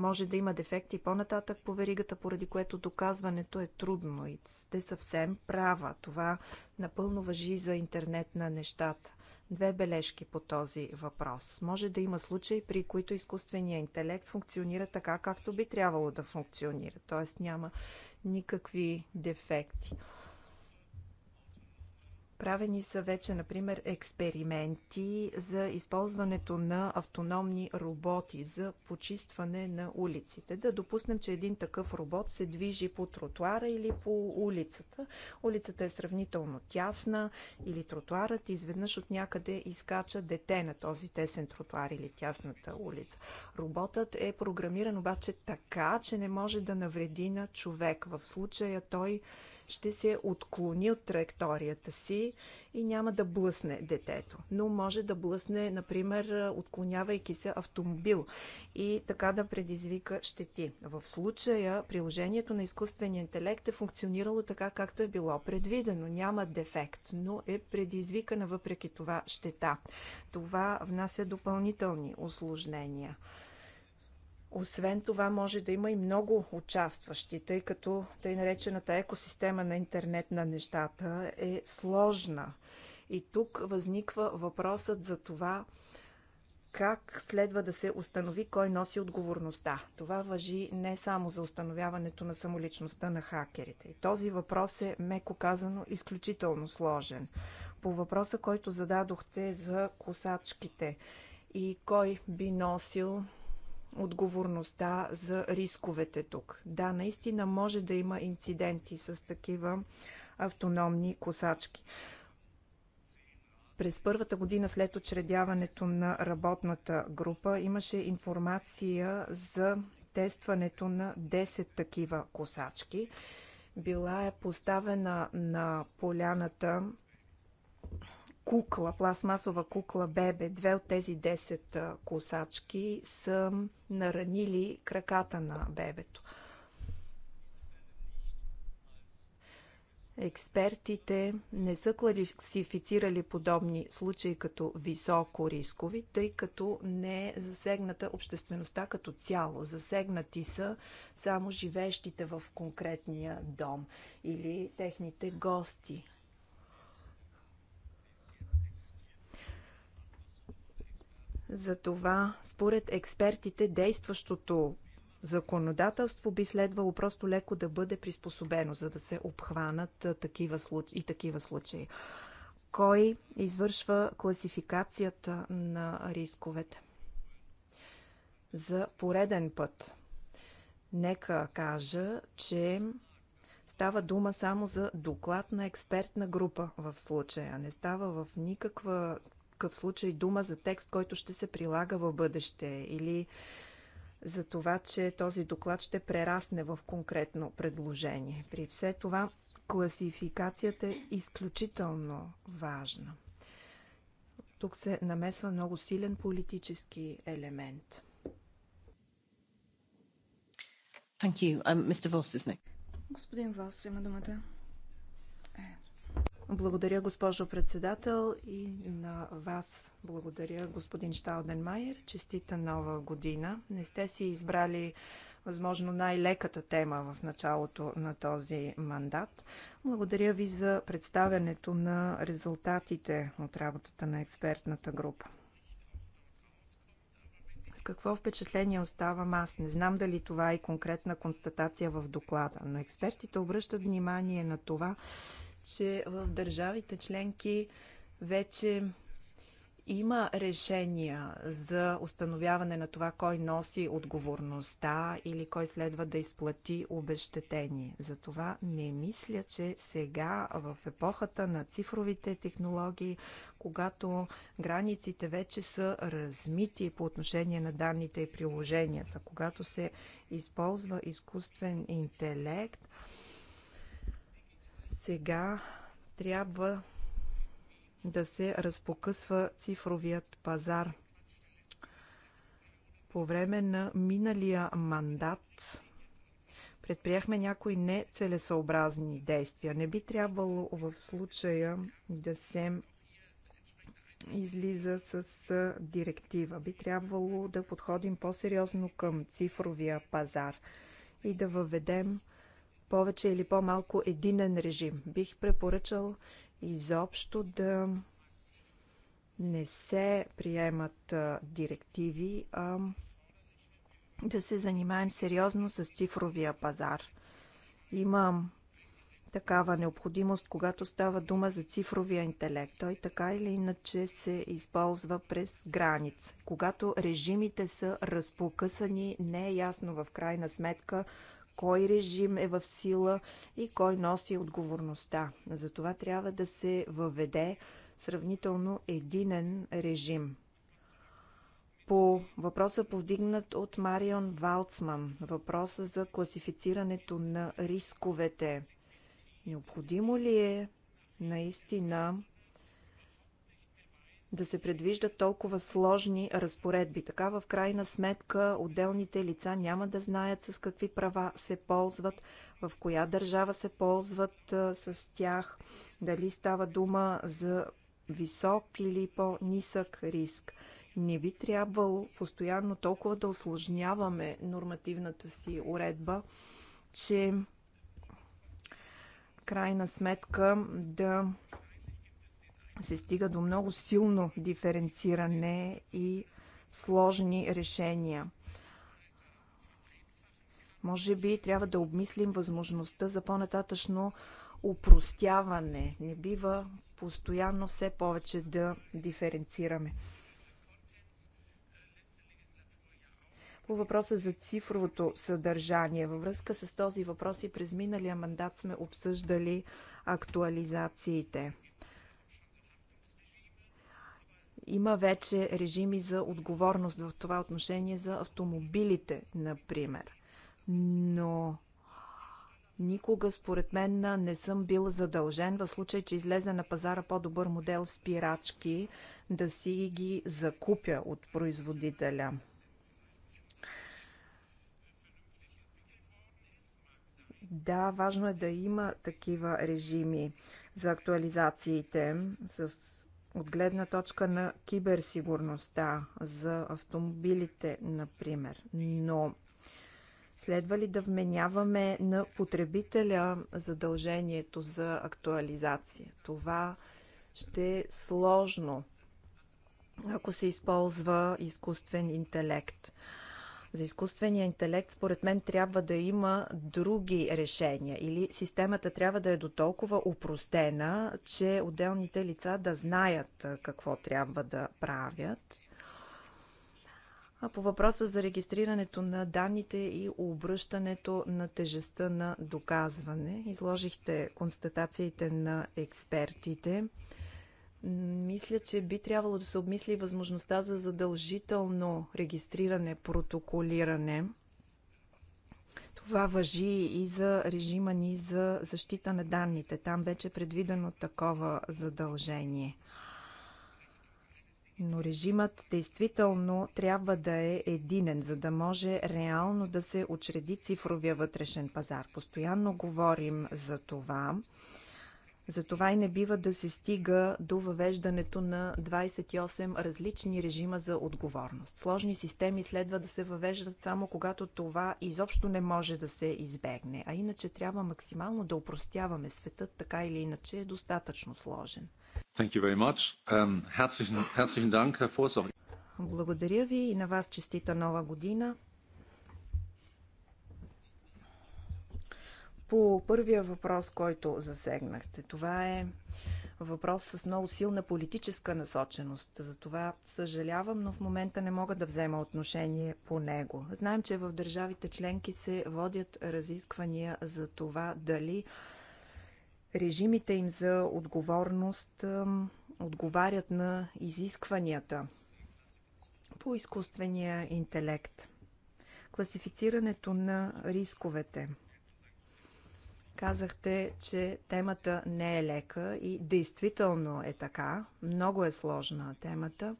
може да има дефекти по-нататък по веригата, поради което доказването е трудно и сте съвсем права. Това напълно въжи за интернет на нещата. Две бележки по този въпрос. Може да има случаи, при които изкуственият интелект функционира така, както би трябвало да функционира, т.е. няма никакви дефекти. Правени са вече, например, експерименти за използването на автономни роботи за почистване на улиците. Да допуснем, че един такъв робот се движи по тротуара или по улицата. Улицата е сравнително тясна или тротуарът изведнъж от някъде изкача дете на този тесен тротуар или тясната улица. Роботът е програмиран обаче така, че не може да навреди на човек. В случая той ще се отклони от траекторията си и няма да блъсне детето. Но може да блъсне, например, отклонявайки се автомобил и така да предизвика щети. В случая приложението на изкуствения интелект е функционирало така, както е било предвидено. Няма дефект, но е предизвикана въпреки това щета. Това внася допълнителни осложнения. Освен това, може да има и много участващи, тъй като тъй наречената екосистема на интернет на нещата е сложна. И тук възниква въпросът за това как следва да се установи кой носи отговорността. Това въжи не само за установяването на самоличността на хакерите. И този въпрос е, меко казано, изключително сложен. По въпроса, който зададохте за косачките и кой би носил отговорността за рисковете тук. Да, наистина може да има инциденти с такива автономни косачки. През първата година след очредяването на работната група имаше информация за тестването на 10 такива косачки. Била е поставена на поляната кукла, пластмасова кукла бебе. Две от тези 10 косачки са наранили краката на бебето. Експертите не са класифицирали подобни случаи като високо рискови, тъй като не е засегната обществеността като цяло. Засегнати са само живещите в конкретния дом или техните гости. Затова, според експертите, действащото законодателство би следвало просто леко да бъде приспособено, за да се обхванат такива случаи, и такива случаи. Кой извършва класификацията на рисковете? За пореден път. Нека кажа, че Става дума само за доклад на експертна група в случая. Не става в никаква никакъв случай дума за текст, който ще се прилага в бъдеще или за това, че този доклад ще прерасне в конкретно предложение. При все това класификацията е изключително важна. Тук се намесва много силен политически елемент.
Thank you. Um, Mr. Voss,
Господин Вос има думата. Благодаря, госпожо председател, и на вас благодаря, господин Шталденмайер. Честита нова година. Не сте си избрали възможно най-леката тема в началото на този мандат. Благодаря ви за представянето на резултатите от работата на експертната група. С какво впечатление оставам аз? Не знам дали това е конкретна констатация в доклада, но експертите обръщат внимание на това, че в държавите членки вече има решения за установяване на това кой носи отговорността или кой следва да изплати обещетение. Затова не мисля, че сега в епохата на цифровите технологии, когато границите вече са размити по отношение на данните и приложенията, когато се използва изкуствен интелект, сега трябва да се разпокъсва цифровият пазар. По време на миналия мандат предприехме някои нецелесообразни действия. Не би трябвало в случая да се излиза с директива. Би трябвало да подходим по-сериозно към цифровия пазар и да въведем повече или по-малко единен режим. Бих препоръчал изобщо да не се приемат директиви, а да се занимаем сериозно с цифровия пазар. Имам такава необходимост, когато става дума за цифровия интелект. Той така или иначе се използва през граница. Когато режимите са разпокъсани, не е ясно в крайна сметка кой режим е в сила и кой носи отговорността. Затова трябва да се въведе сравнително единен режим. По въпроса повдигнат от Марион Валцман, въпроса за класифицирането на рисковете. Необходимо ли е наистина да се предвиждат толкова сложни разпоредби. Така в крайна сметка отделните лица няма да знаят с какви права се ползват, в коя държава се ползват а, с тях, дали става дума за висок или по-нисък риск. Не би трябвало постоянно толкова да осложняваме нормативната си уредба, че крайна сметка да се стига до много силно диференциране и сложни решения. Може би трябва да обмислим възможността за по-нататъчно упростяване. Не бива постоянно все повече да диференцираме. По въпроса за цифровото съдържание. Във връзка с този въпрос и през миналия мандат сме обсъждали актуализациите. Има вече режими за отговорност в това отношение за автомобилите, например. Но никога, според мен, не съм бил задължен в случай, че излезе на пазара по-добър модел спирачки, да си ги закупя от производителя. Да, важно е да има такива режими за актуализациите с от гледна точка на киберсигурността за автомобилите, например. Но следва ли да вменяваме на потребителя задължението за актуализация? Това ще е сложно, ако се използва изкуствен интелект. За изкуствения интелект, според мен, трябва да има други решения или системата трябва да е до толкова упростена, че отделните лица да знаят какво трябва да правят. А по въпроса за регистрирането на данните и обръщането на тежестта на доказване, изложихте констатациите на експертите – мисля, че би трябвало да се обмисли възможността за задължително регистриране, протоколиране. Това въжи и за режима ни за защита на данните. Там вече е предвидено такова задължение. Но режимът действително трябва да е единен, за да може реално да се учреди цифровия вътрешен пазар. Постоянно говорим за това. Затова и не бива да се стига до въвеждането на 28 различни режима за отговорност. Сложни системи следва да се въвеждат само когато това изобщо не може да се избегне, а иначе трябва максимално да упростяваме светът, така или иначе е достатъчно сложен. Благодаря ви и на вас честита нова година. По първия въпрос, който засегнахте, това е въпрос с много силна политическа насоченост. За това съжалявам, но в момента не мога да взема отношение по него. Знаем, че в държавите членки се водят разисквания за това дали режимите им за отговорност отговарят на изискванията по изкуствения интелект. Класифицирането на рисковете – Казахте, че темата не е лека и действително е така. Много е сложна темата.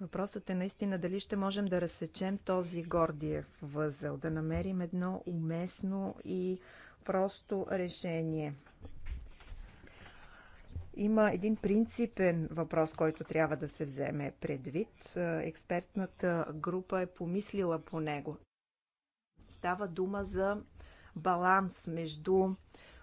Въпросът е наистина дали ще можем да разсечем този гордиев възел, да намерим едно уместно и просто решение. Има един принципен въпрос, който трябва да се вземе предвид. Експертната група е помислила по него. Става дума за баланс между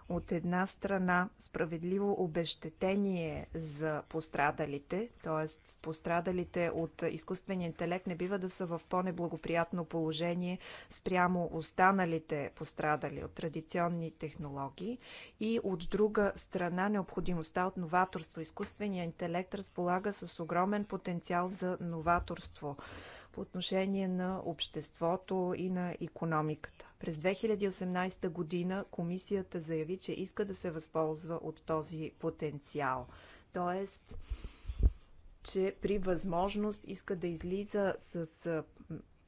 от една страна справедливо обещетение за пострадалите, т.е. пострадалите от изкуствения интелект не бива да са в по-неблагоприятно положение спрямо останалите пострадали от традиционни технологии и от друга страна необходимостта от новаторство. Изкуственият интелект разполага с огромен потенциал за новаторство по отношение на обществото и на економиката. През 2018 година комисията заяви, че иска да се възползва от този потенциал. Тоест, че при възможност иска да излиза с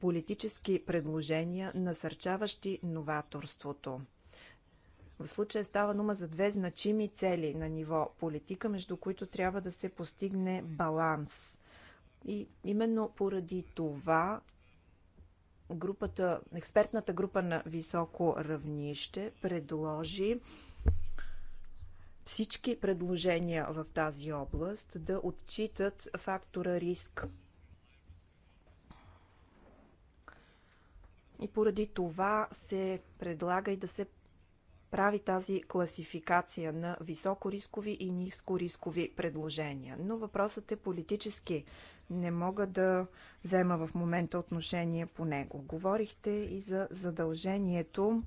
политически предложения, насърчаващи новаторството. В случая става дума за две значими цели на ниво политика, между които трябва да се постигне баланс. И именно поради това групата, експертната група на високо равнище предложи всички предложения в тази област да отчитат фактора риск. И поради това се предлага и да се прави тази класификация на високорискови и нискорискови предложения. Но въпросът е политически. Не мога да взема в момента отношение по него. Говорихте и за задължението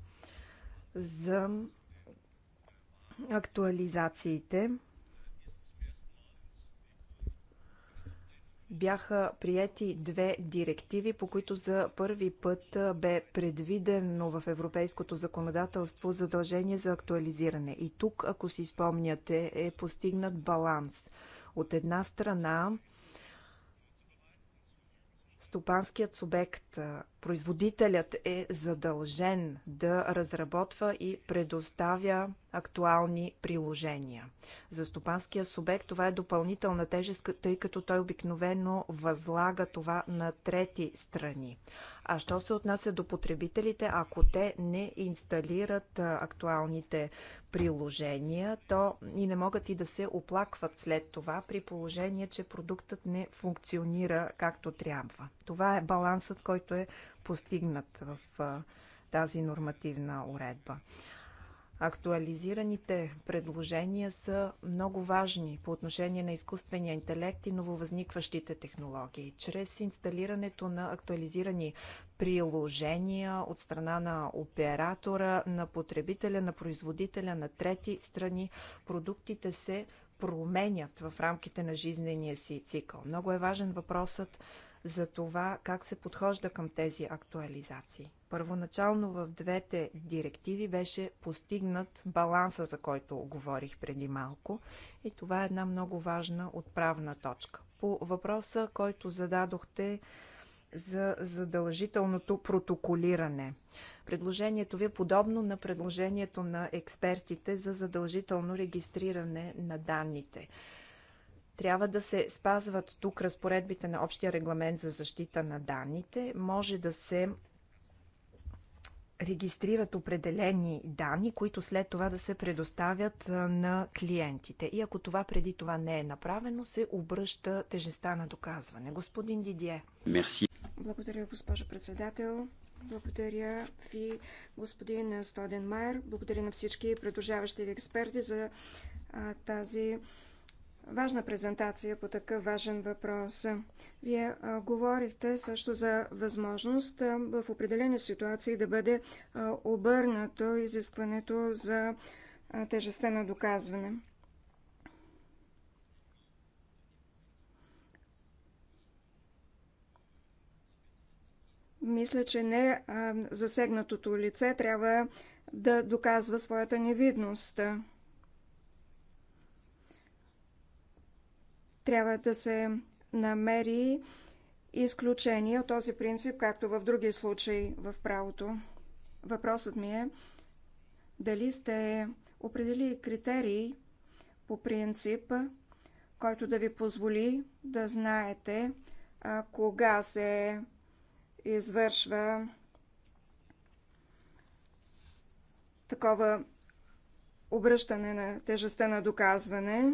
за актуализациите. бяха приети две директиви, по които за първи път бе предвидено в европейското законодателство задължение за актуализиране. И тук, ако си спомняте, е постигнат баланс. От една страна, стопанският субект производителят е задължен да разработва и предоставя актуални приложения. За стопанския субект това е допълнителна тежест, тъй като той обикновено възлага това на трети страни. А що се отнася до потребителите, ако те не инсталират актуалните приложения, то и не могат и да се оплакват след това, при положение, че продуктът не функционира както трябва. Това е балансът, който е постигнат в тази нормативна уредба. Актуализираните предложения са много важни по отношение на изкуствения интелект и нововъзникващите технологии. Чрез инсталирането на актуализирани приложения от страна на оператора, на потребителя, на производителя, на трети страни, продуктите се променят в рамките на жизнения си цикъл. Много е важен въпросът за това как се подхожда към тези актуализации. Първоначално в двете директиви беше постигнат баланса, за който говорих преди малко и това е една много важна отправна точка. По въпроса, който зададохте за задължителното протоколиране. Предложението ви е подобно на предложението на експертите за задължително регистриране на данните. Трябва да се спазват тук разпоредбите на общия регламент за защита на данните. Може да се регистрират определени данни, които след това да се предоставят на клиентите. И ако това преди това не е направено, се обръща
тежеста на доказване. Господин Дидие. Мерси. Благодаря, госпожо председател. Благодаря ви, господин Стоден Майер. Благодаря на всички предложаващи ви експерти за тази важна презентация по такъв важен въпрос. Вие а, говорихте също за възможност а, в определени ситуации да бъде а, обърнато изискването за а, тежестта на доказване. Мисля, че не а, засегнатото лице трябва да доказва своята невидност. трябва да се намери изключение от този принцип, както в други случаи в правото. Въпросът ми е дали сте определили критерии по принцип, който да ви позволи да знаете а, кога се извършва такова обръщане на тежестта на доказване.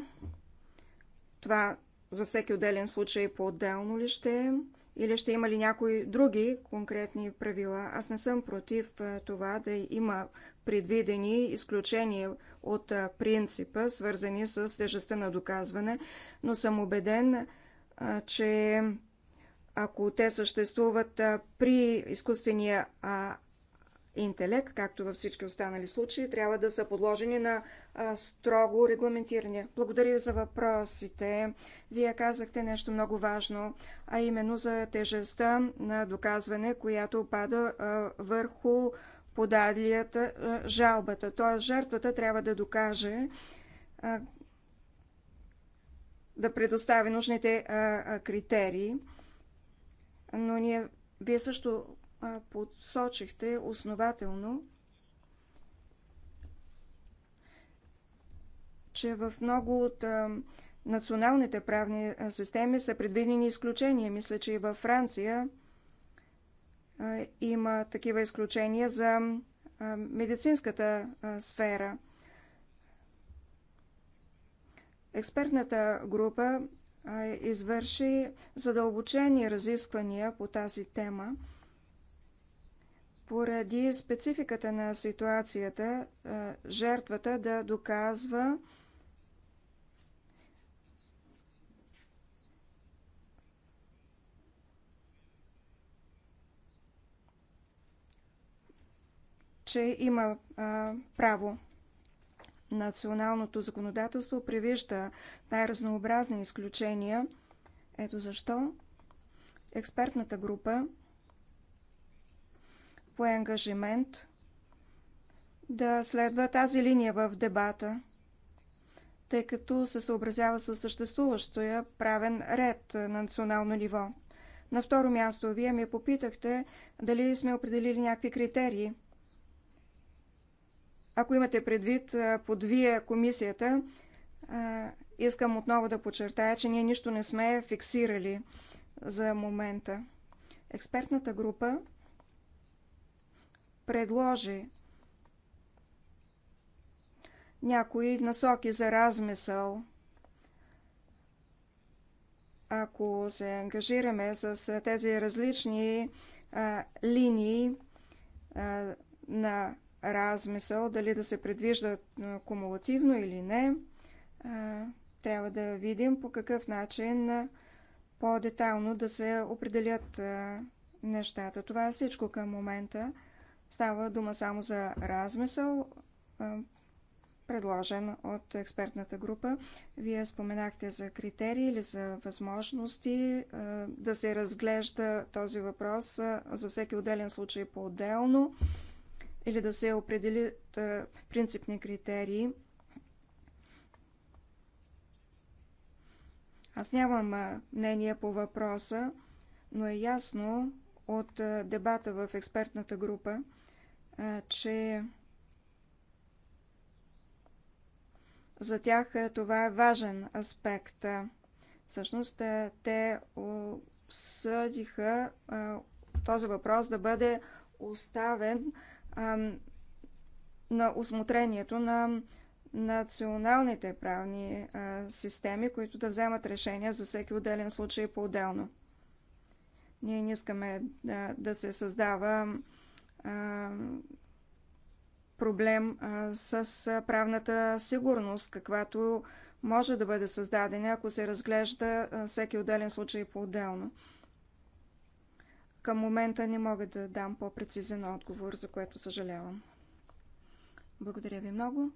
Това за всеки отделен случай по-отделно ли ще е? или ще има ли някои други конкретни правила. Аз не съм против това да има предвидени изключения от принципа, свързани с тежестта на доказване, но съм убеден, че ако те съществуват при изкуствения интелект, както във всички останали случаи, трябва да са подложени на строго регламентиране. Благодаря за въпросите. Вие казахте нещо много важно, а именно за тежестта на доказване, която пада върху подадията жалбата. Т.е. жертвата трябва да докаже да предостави нужните критерии. Но ние, вие също посочихте основателно, че в много от националните правни системи са предвидени изключения. Мисля, че и във Франция има такива изключения за медицинската сфера. Експертната група извърши задълбочени разисквания по тази тема поради спецификата на ситуацията, жертвата да доказва че има а, право. Националното законодателство превижда най-разнообразни изключения. Ето защо експертната група пое ангажимент да следва тази линия в дебата, тъй като се съобразява със съществуващия правен ред на национално ниво. На второ място, вие ме попитахте дали сме определили някакви критерии. Ако имате предвид под вие комисията, искам отново да подчертая, че ние нищо не сме фиксирали за момента. Експертната група предложи някои насоки за размисъл. Ако се ангажираме с тези различни а, линии а, на размисъл, дали да се предвиждат кумулативно или не, а, трябва да видим по какъв начин по-детайлно да се определят а, нещата. Това е всичко към момента. Става дума само за размисъл, предложен от експертната група. Вие споменахте за критерии или за възможности да се разглежда този въпрос за всеки отделен случай по-отделно или да се определят принципни критерии. Аз нямам мнение по въпроса, но е ясно от дебата в експертната група – че за тях това е важен аспект. Всъщност те обсъдиха този въпрос да бъде оставен на осмотрението на националните правни системи, които да вземат решения за всеки отделен случай по-отделно. Ние не искаме да, да се създава проблем с правната сигурност, каквато може да бъде създадена, ако се разглежда всеки отделен случай по-отделно. Към момента не мога да дам по-прецизен отговор, за което съжалявам. Благодаря ви много.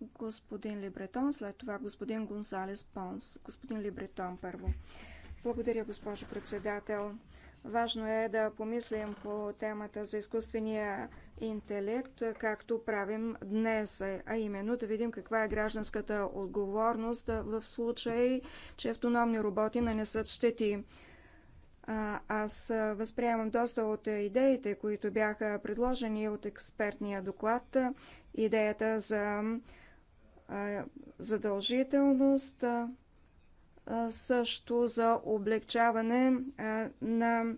Господин Либретон, след това господин Гонсалес Понс. Господин Либретон първо. Благодаря, госпожо председател. Важно е да помислим по темата за изкуствения интелект, както правим днес, а именно да видим каква е гражданската отговорност в случай, че автономни роботи нанесат щети. Аз възприемам доста от идеите, които бяха предложени от експертния доклад. Идеята за задължителност, също за облегчаване на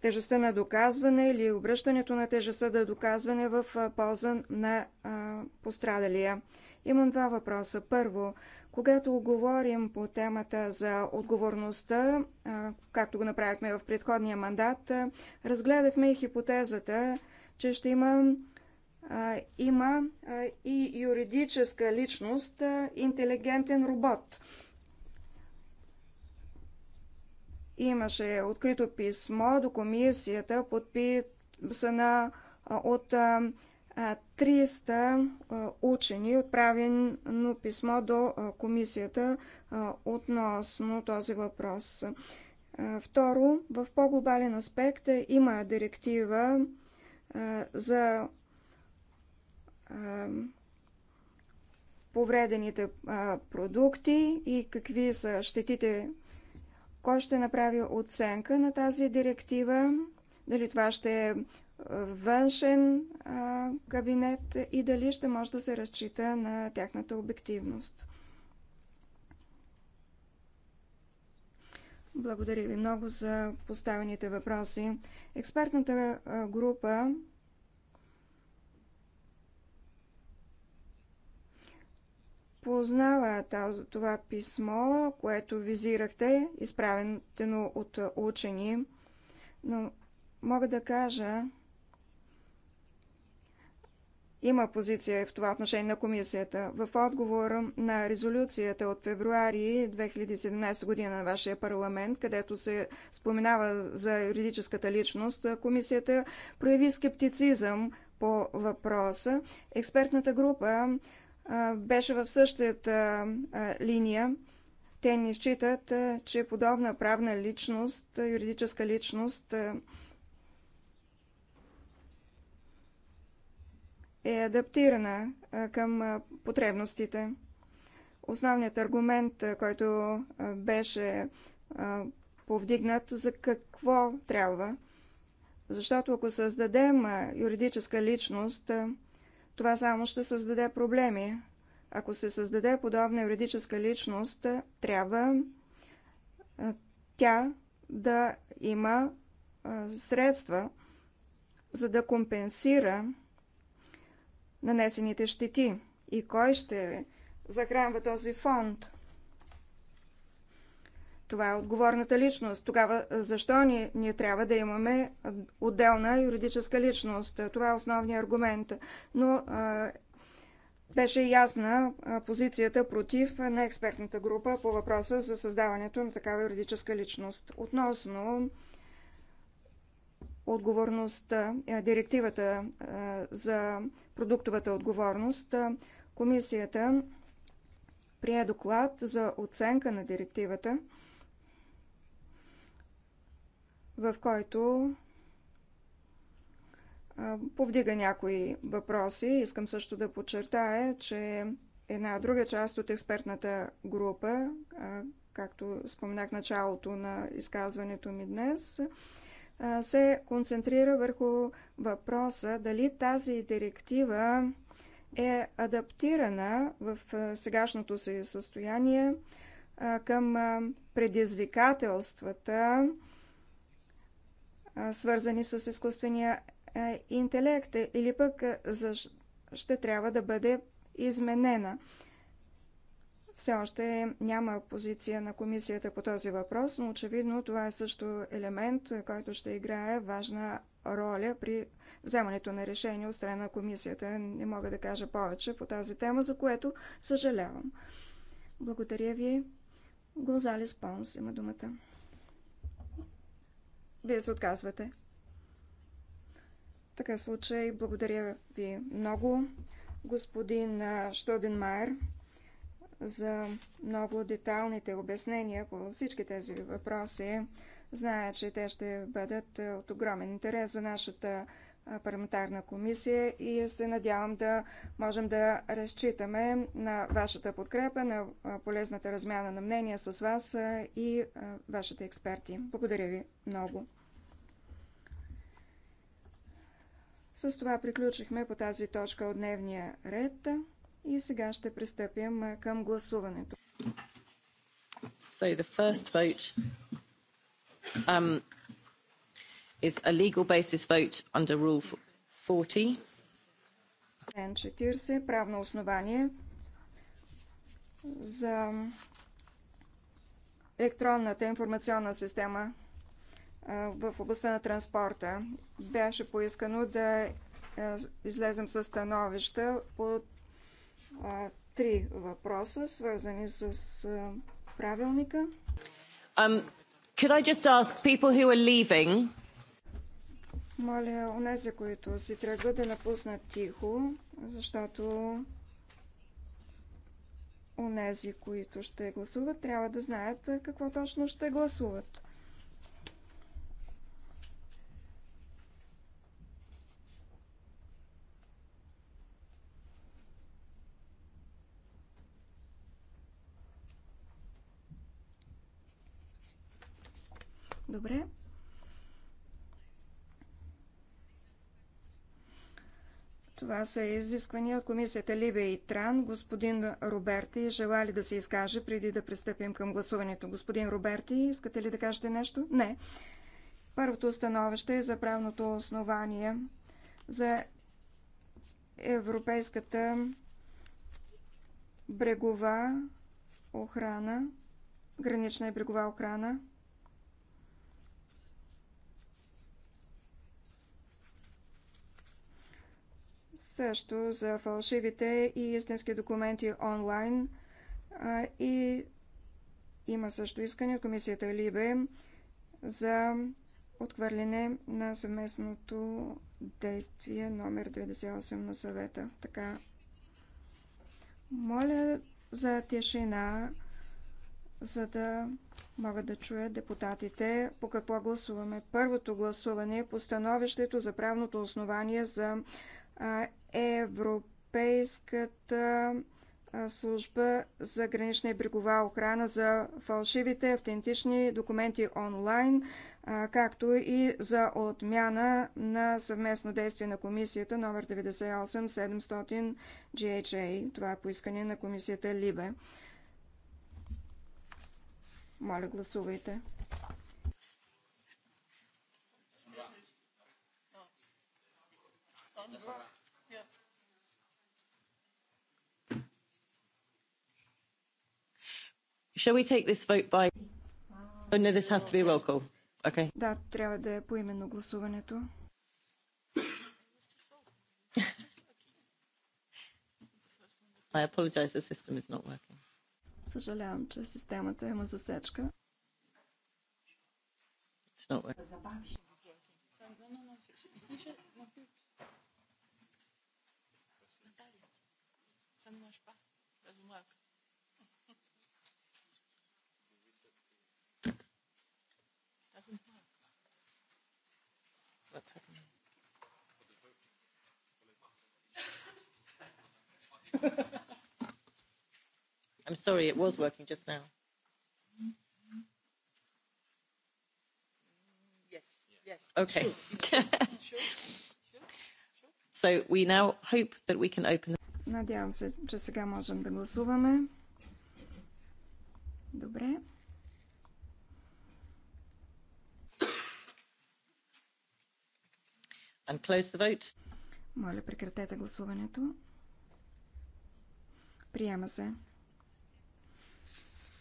тежестта на доказване или обръщането на тежестта на доказване в полза на пострадалия. Имам два въпроса. Първо, когато говорим по темата за отговорността, както го направихме в предходния мандат, разгледахме и хипотезата, че ще има, има и юридическа личност, интелигентен робот – Имаше открито писмо до комисията, подписана от 300 учени, отправено писмо до комисията относно този въпрос. Второ, в по-глобален аспект е, има директива за повредените продукти и какви са щетите кой ще направи оценка на тази директива? Дали това ще е, е външен а, кабинет и дали ще може да се разчита на тяхната обективност? Благодаря ви много за поставените въпроси. Експертната група познава това писмо, което визирахте, изправено от учени, но мога да кажа, има позиция в това отношение на комисията. В отговор на резолюцията от февруари 2017 година на вашия парламент, където се споменава за юридическата личност, комисията прояви скептицизъм по въпроса. Експертната група беше в същата линия. Те не считат, че подобна правна личност, юридическа личност е адаптирана към потребностите. Основният аргумент, който беше повдигнат, за какво трябва. Защото ако създадем юридическа личност, това само ще създаде проблеми. Ако се създаде подобна юридическа личност, трябва тя да има средства, за да компенсира нанесените щети. И кой ще захранва този фонд? Това е отговорната личност. Тогава защо ние, ние трябва да имаме отделна юридическа личност? Това е основният аргумент. Но а, беше ясна позицията против на експертната група по въпроса за създаването на такава юридическа личност. Относно отговорността, директивата за продуктовата отговорност, комисията прие доклад за оценка на директивата – в който повдига някои въпроси. Искам също да подчертая, че една друга част от експертната група, както споменах началото на изказването ми днес, се концентрира върху въпроса дали тази директива е адаптирана в сегашното си състояние към предизвикателствата, свързани с изкуствения интелект е, или пък ще трябва да бъде изменена. Все още няма позиция на комисията по този въпрос, но очевидно това е също елемент, който ще играе важна роля при вземането на решение от страна на комисията. Не мога да кажа повече по тази тема, за което съжалявам. Благодаря ви. Гонзалес Паунс има думата. Вие се отказвате. В такъв случай благодаря ви много, господин Штоденмайер, за много деталните обяснения по всички тези въпроси. Зная, че те ще бъдат от огромен интерес за нашата парламентарна комисия и се надявам да можем да разчитаме на вашата подкрепа, на полезната размяна на мнения с вас и вашите експерти. Благодаря ви много. С това приключихме по тази точка от дневния ред и сега ще пристъпим към гласуването.
So the
first vote um, is a legal basis vote under Rule 40.
Член 40, правно основание за електронната информационна система в областта на транспорта. Беше поискано да излезем с становища по три въпроса, свързани с правилника.
Um, could I just ask people who are leaving
моля, онези, които си тръгват да напуснат тихо, защото онези, които ще гласуват, трябва да знаят какво точно ще гласуват. Добре. Това са изисквания от комисията Либия и Тран. Господин Роберти, желали ли да се изкаже преди да пристъпим към гласуването? Господин Роберти, искате ли да кажете нещо? Не. Първото становище е за правното основание за Европейската брегова охрана, гранична и брегова охрана. също за фалшивите и истински документи онлайн. И има също искане от комисията Либе за отхвърляне на съвместното действие номер 98 на съвета. Така. Моля за тишина, за да могат да чуят депутатите по какво гласуваме. Първото гласуване е по становището за правното основание за Европейската служба за гранична и брегова охрана за фалшивите автентични документи онлайн, както и за отмяна на съвместно действие на комисията номер 98700 GHA. Това е поискане на комисията Либе. Моля, гласувайте.
Shall we take this vote by...
Oh, no, this has to be
roll call. Okay.
Да, трябва да е поименно гласуването.
I apologize, the system is not working.
Съжалявам, че системата има засечка.
It's not working. I'm sorry, it was working just now. Yes, yes. Okay. Sure.
Sure. So we now hope that we can open. Надявам се, че сега можем да гласуваме. Добре. And close the vote. Моля, прекратете гласуването. Приема се.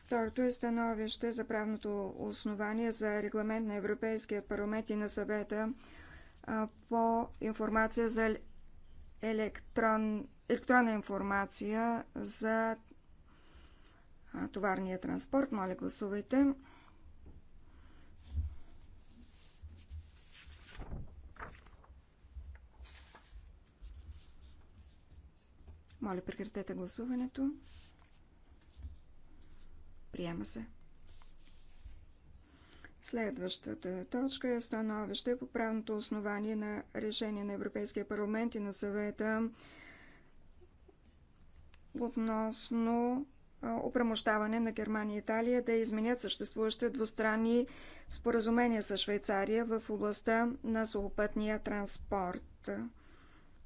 Второто е становище за правното основание за регламент на Европейския парламент и на съвета по информация за електрон, електронна информация за товарния транспорт. Моля, гласувайте. Моля, прекратете гласуването. Приема се. Следващата точка е становище по правното основание на решение на Европейския парламент и на съвета относно упрамощаване на Германия и Италия да изменят съществуващите двустранни споразумения с Швейцария в областта на сухопътния транспорт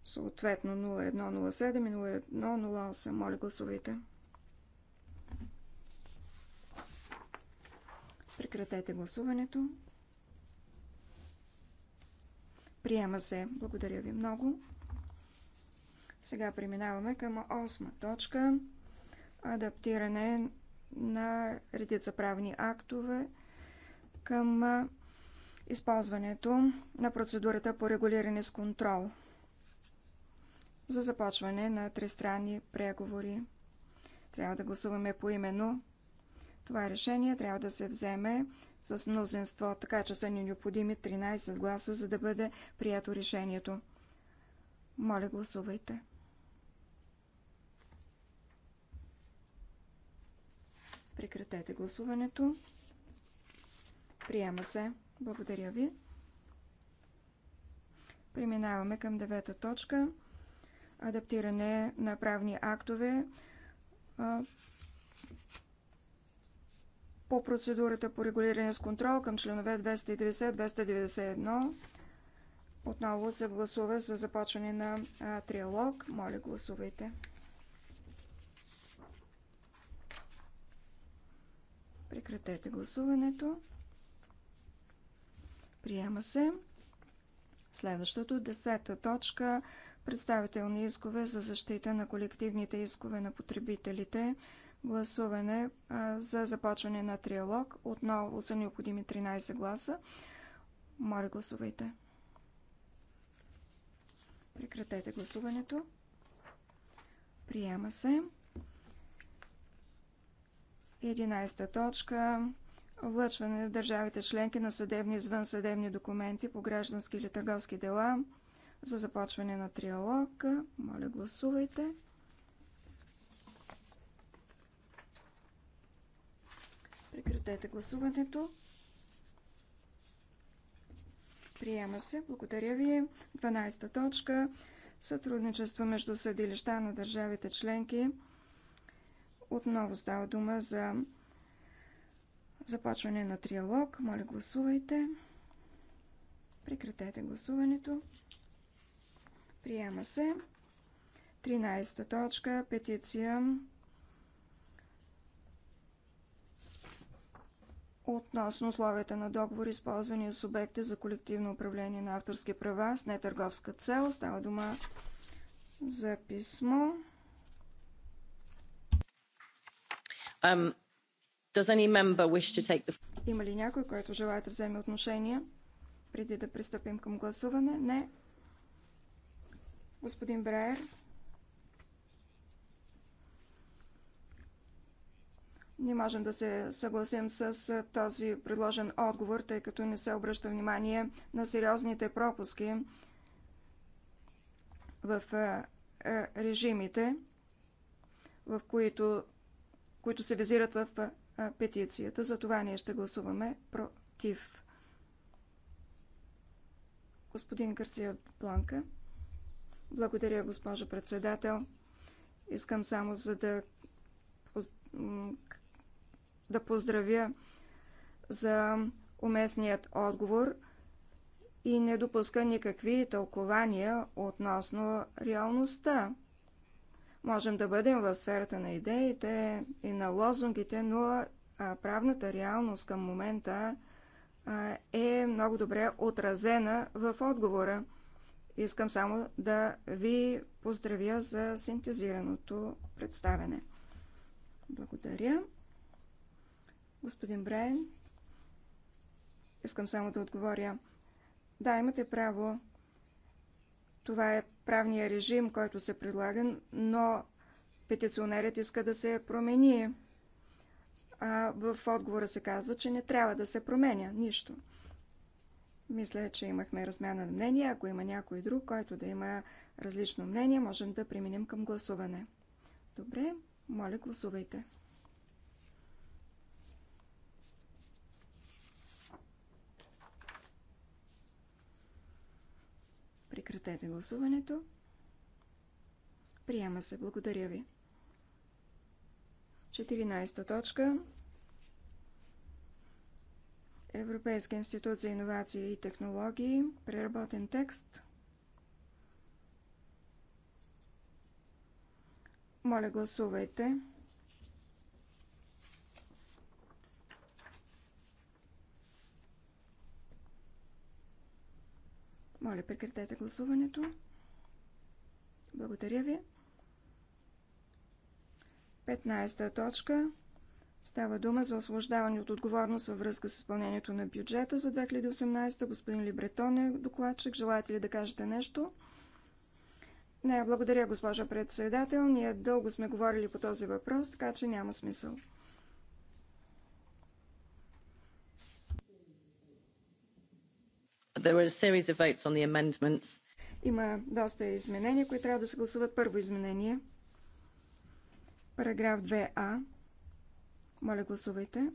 съответно 0107 и 0108. Моля, гласувайте. Прекратете гласуването. Приема се. Благодаря ви много. Сега преминаваме към 8 точка. Адаптиране на редица правни актове към използването на процедурата по регулиране с контрол за започване на тристранни преговори. Трябва да гласуваме поименно. Това решение трябва да се вземе с мнозинство, така че са ни необходими 13 гласа, за да бъде прието решението. Моля, гласувайте. Прекратете гласуването. Приема се. Благодаря ви. Преминаваме към девета точка адаптиране на правни актове по процедурата по регулиране с контрол към членове 290-291. Отново се гласува за започване на триалог. Моля, гласувайте. Прекратете гласуването. Приема се. Следващото, десета точка – представителни искове за защита на колективните искове на потребителите, гласуване за започване на триалог. Отново са необходими 13 гласа. Моля, гласувайте. Прекратете гласуването. Приема се. 11 точка. Влъчване на държавите членки на съдебни и извънсъдебни документи по граждански или търговски дела за започване на триалог. Моля, гласувайте. Прекратете гласуването. Приема се. Благодаря ви. 12 точка. Сътрудничество между съдилища на държавите членки. Отново става дума за започване на триалог. Моля, гласувайте. Прекратете гласуването. Приема се. 13 точка. Петиция относно условията на договор, използвани с обекти за колективно управление на авторски права с нетърговска цел. Става дума за писмо.
Um, the...
Има ли някой, който желая да вземе отношение преди да пристъпим към гласуване? Не господин Браер. Не можем да се съгласим с този предложен отговор, тъй като не се обръща внимание на сериозните пропуски в е, е, режимите, в които, които се визират в е, петицията. За това ние ще гласуваме против. Господин Гарсия Бланка. Благодаря, госпожо председател. Искам само за да, да поздравя за уместният отговор и не допуска никакви тълкования относно реалността. Можем да бъдем в сферата на идеите и на лозунгите, но правната реалност към момента е много добре отразена в отговора. Искам само да ви поздравя за синтезираното представене. Благодаря. Господин Брайен, искам само да отговоря. Да, имате право. Това е правния режим, който се предлага, но петиционерът иска да се промени. А в отговора се казва, че не трябва да се променя нищо. Мисля, че имахме размяна на мнение. Ако има някой друг, който да има различно мнение, можем да преминем към гласуване. Добре, моля гласувайте. Прекратете гласуването. Приема се. Благодаря ви. 14 точка. Европейски институт за иновации и технологии, преработен текст. Моля, гласувайте. Моля, прекратете гласуването. Благодаря ви. 15 точка. Става дума за освобождаване от отговорност във връзка с изпълнението на бюджета за 2018. Господин Либретон е докладчик. Желаете ли да кажете нещо? Не, благодаря, госпожа председател. Ние дълго сме говорили по този въпрос, така че няма смисъл. Има доста изменения, които трябва да се гласуват първо изменение. Параграф 2а. Моля, гласувайте.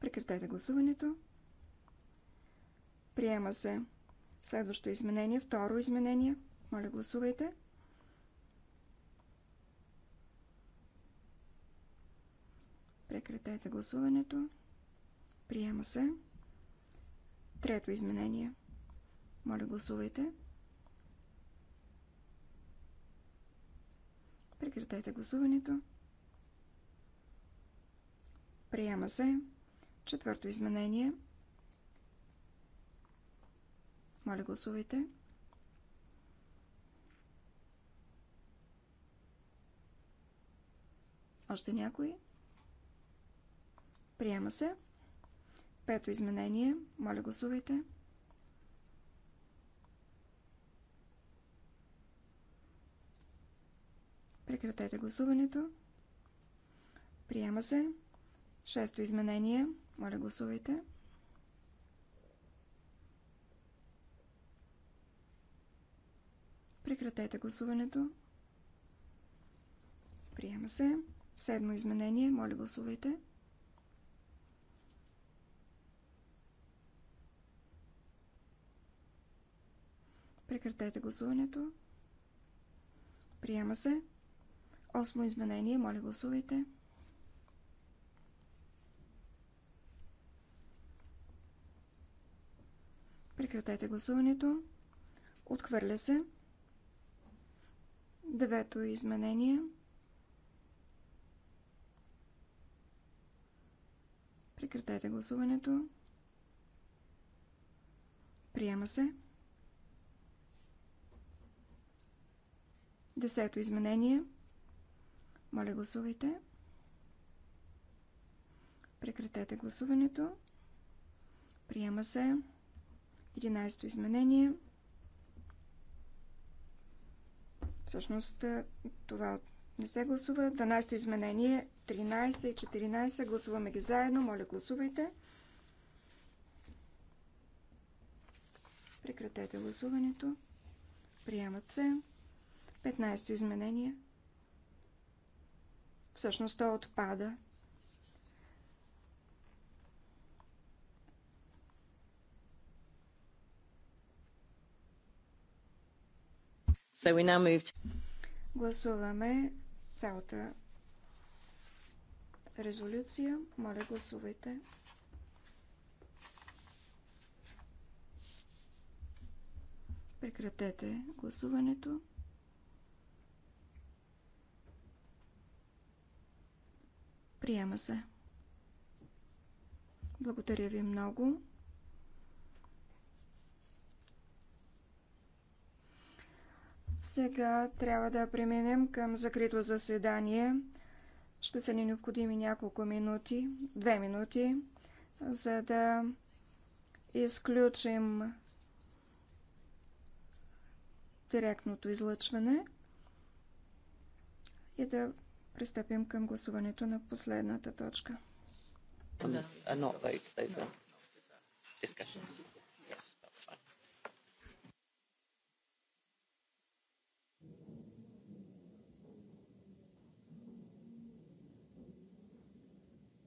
Прекратете гласуването. Приема се. Следващо изменение, второ изменение. Моля, гласувайте. Прекратете гласуването. Приема се. Трето изменение. Моля, гласувайте. Прекратете гласуването. Приема се. Четвърто изменение. Моля, гласувайте. Още някой? Приема се. Пето изменение. Моля, гласувайте. Прекратете гласуването. Приема се. Шесто изменение. Моля, гласувайте. Прекратете гласуването. Приема се. Седмо изменение. Моля, гласувайте. Прекратете гласуването. Приема се. Осмо изменение. Моля гласувайте. Прекратете гласуването. Отхвърля се. Девето изменение. Прекратете гласуването. Приема се. Десето изменение. Моля, гласувайте. Прекратете гласуването. Приема се. Единайсто изменение. Всъщност е, това не се гласува. 12 то изменение, 13 и 14. Гласуваме ги заедно. Моля, гласувайте. Прекратете гласуването. Приемат се. 15-то изменение. Всъщност то отпада. So we now move to... Гласуваме цялата резолюция. Моля, гласувайте. Прекратете гласуването. Приема се. Благодаря ви много. Сега трябва да преминем към закрито заседание. Ще са ни необходими няколко минути, две минути, за да изключим директното излъчване и да пристъпим към гласуването на последната точка.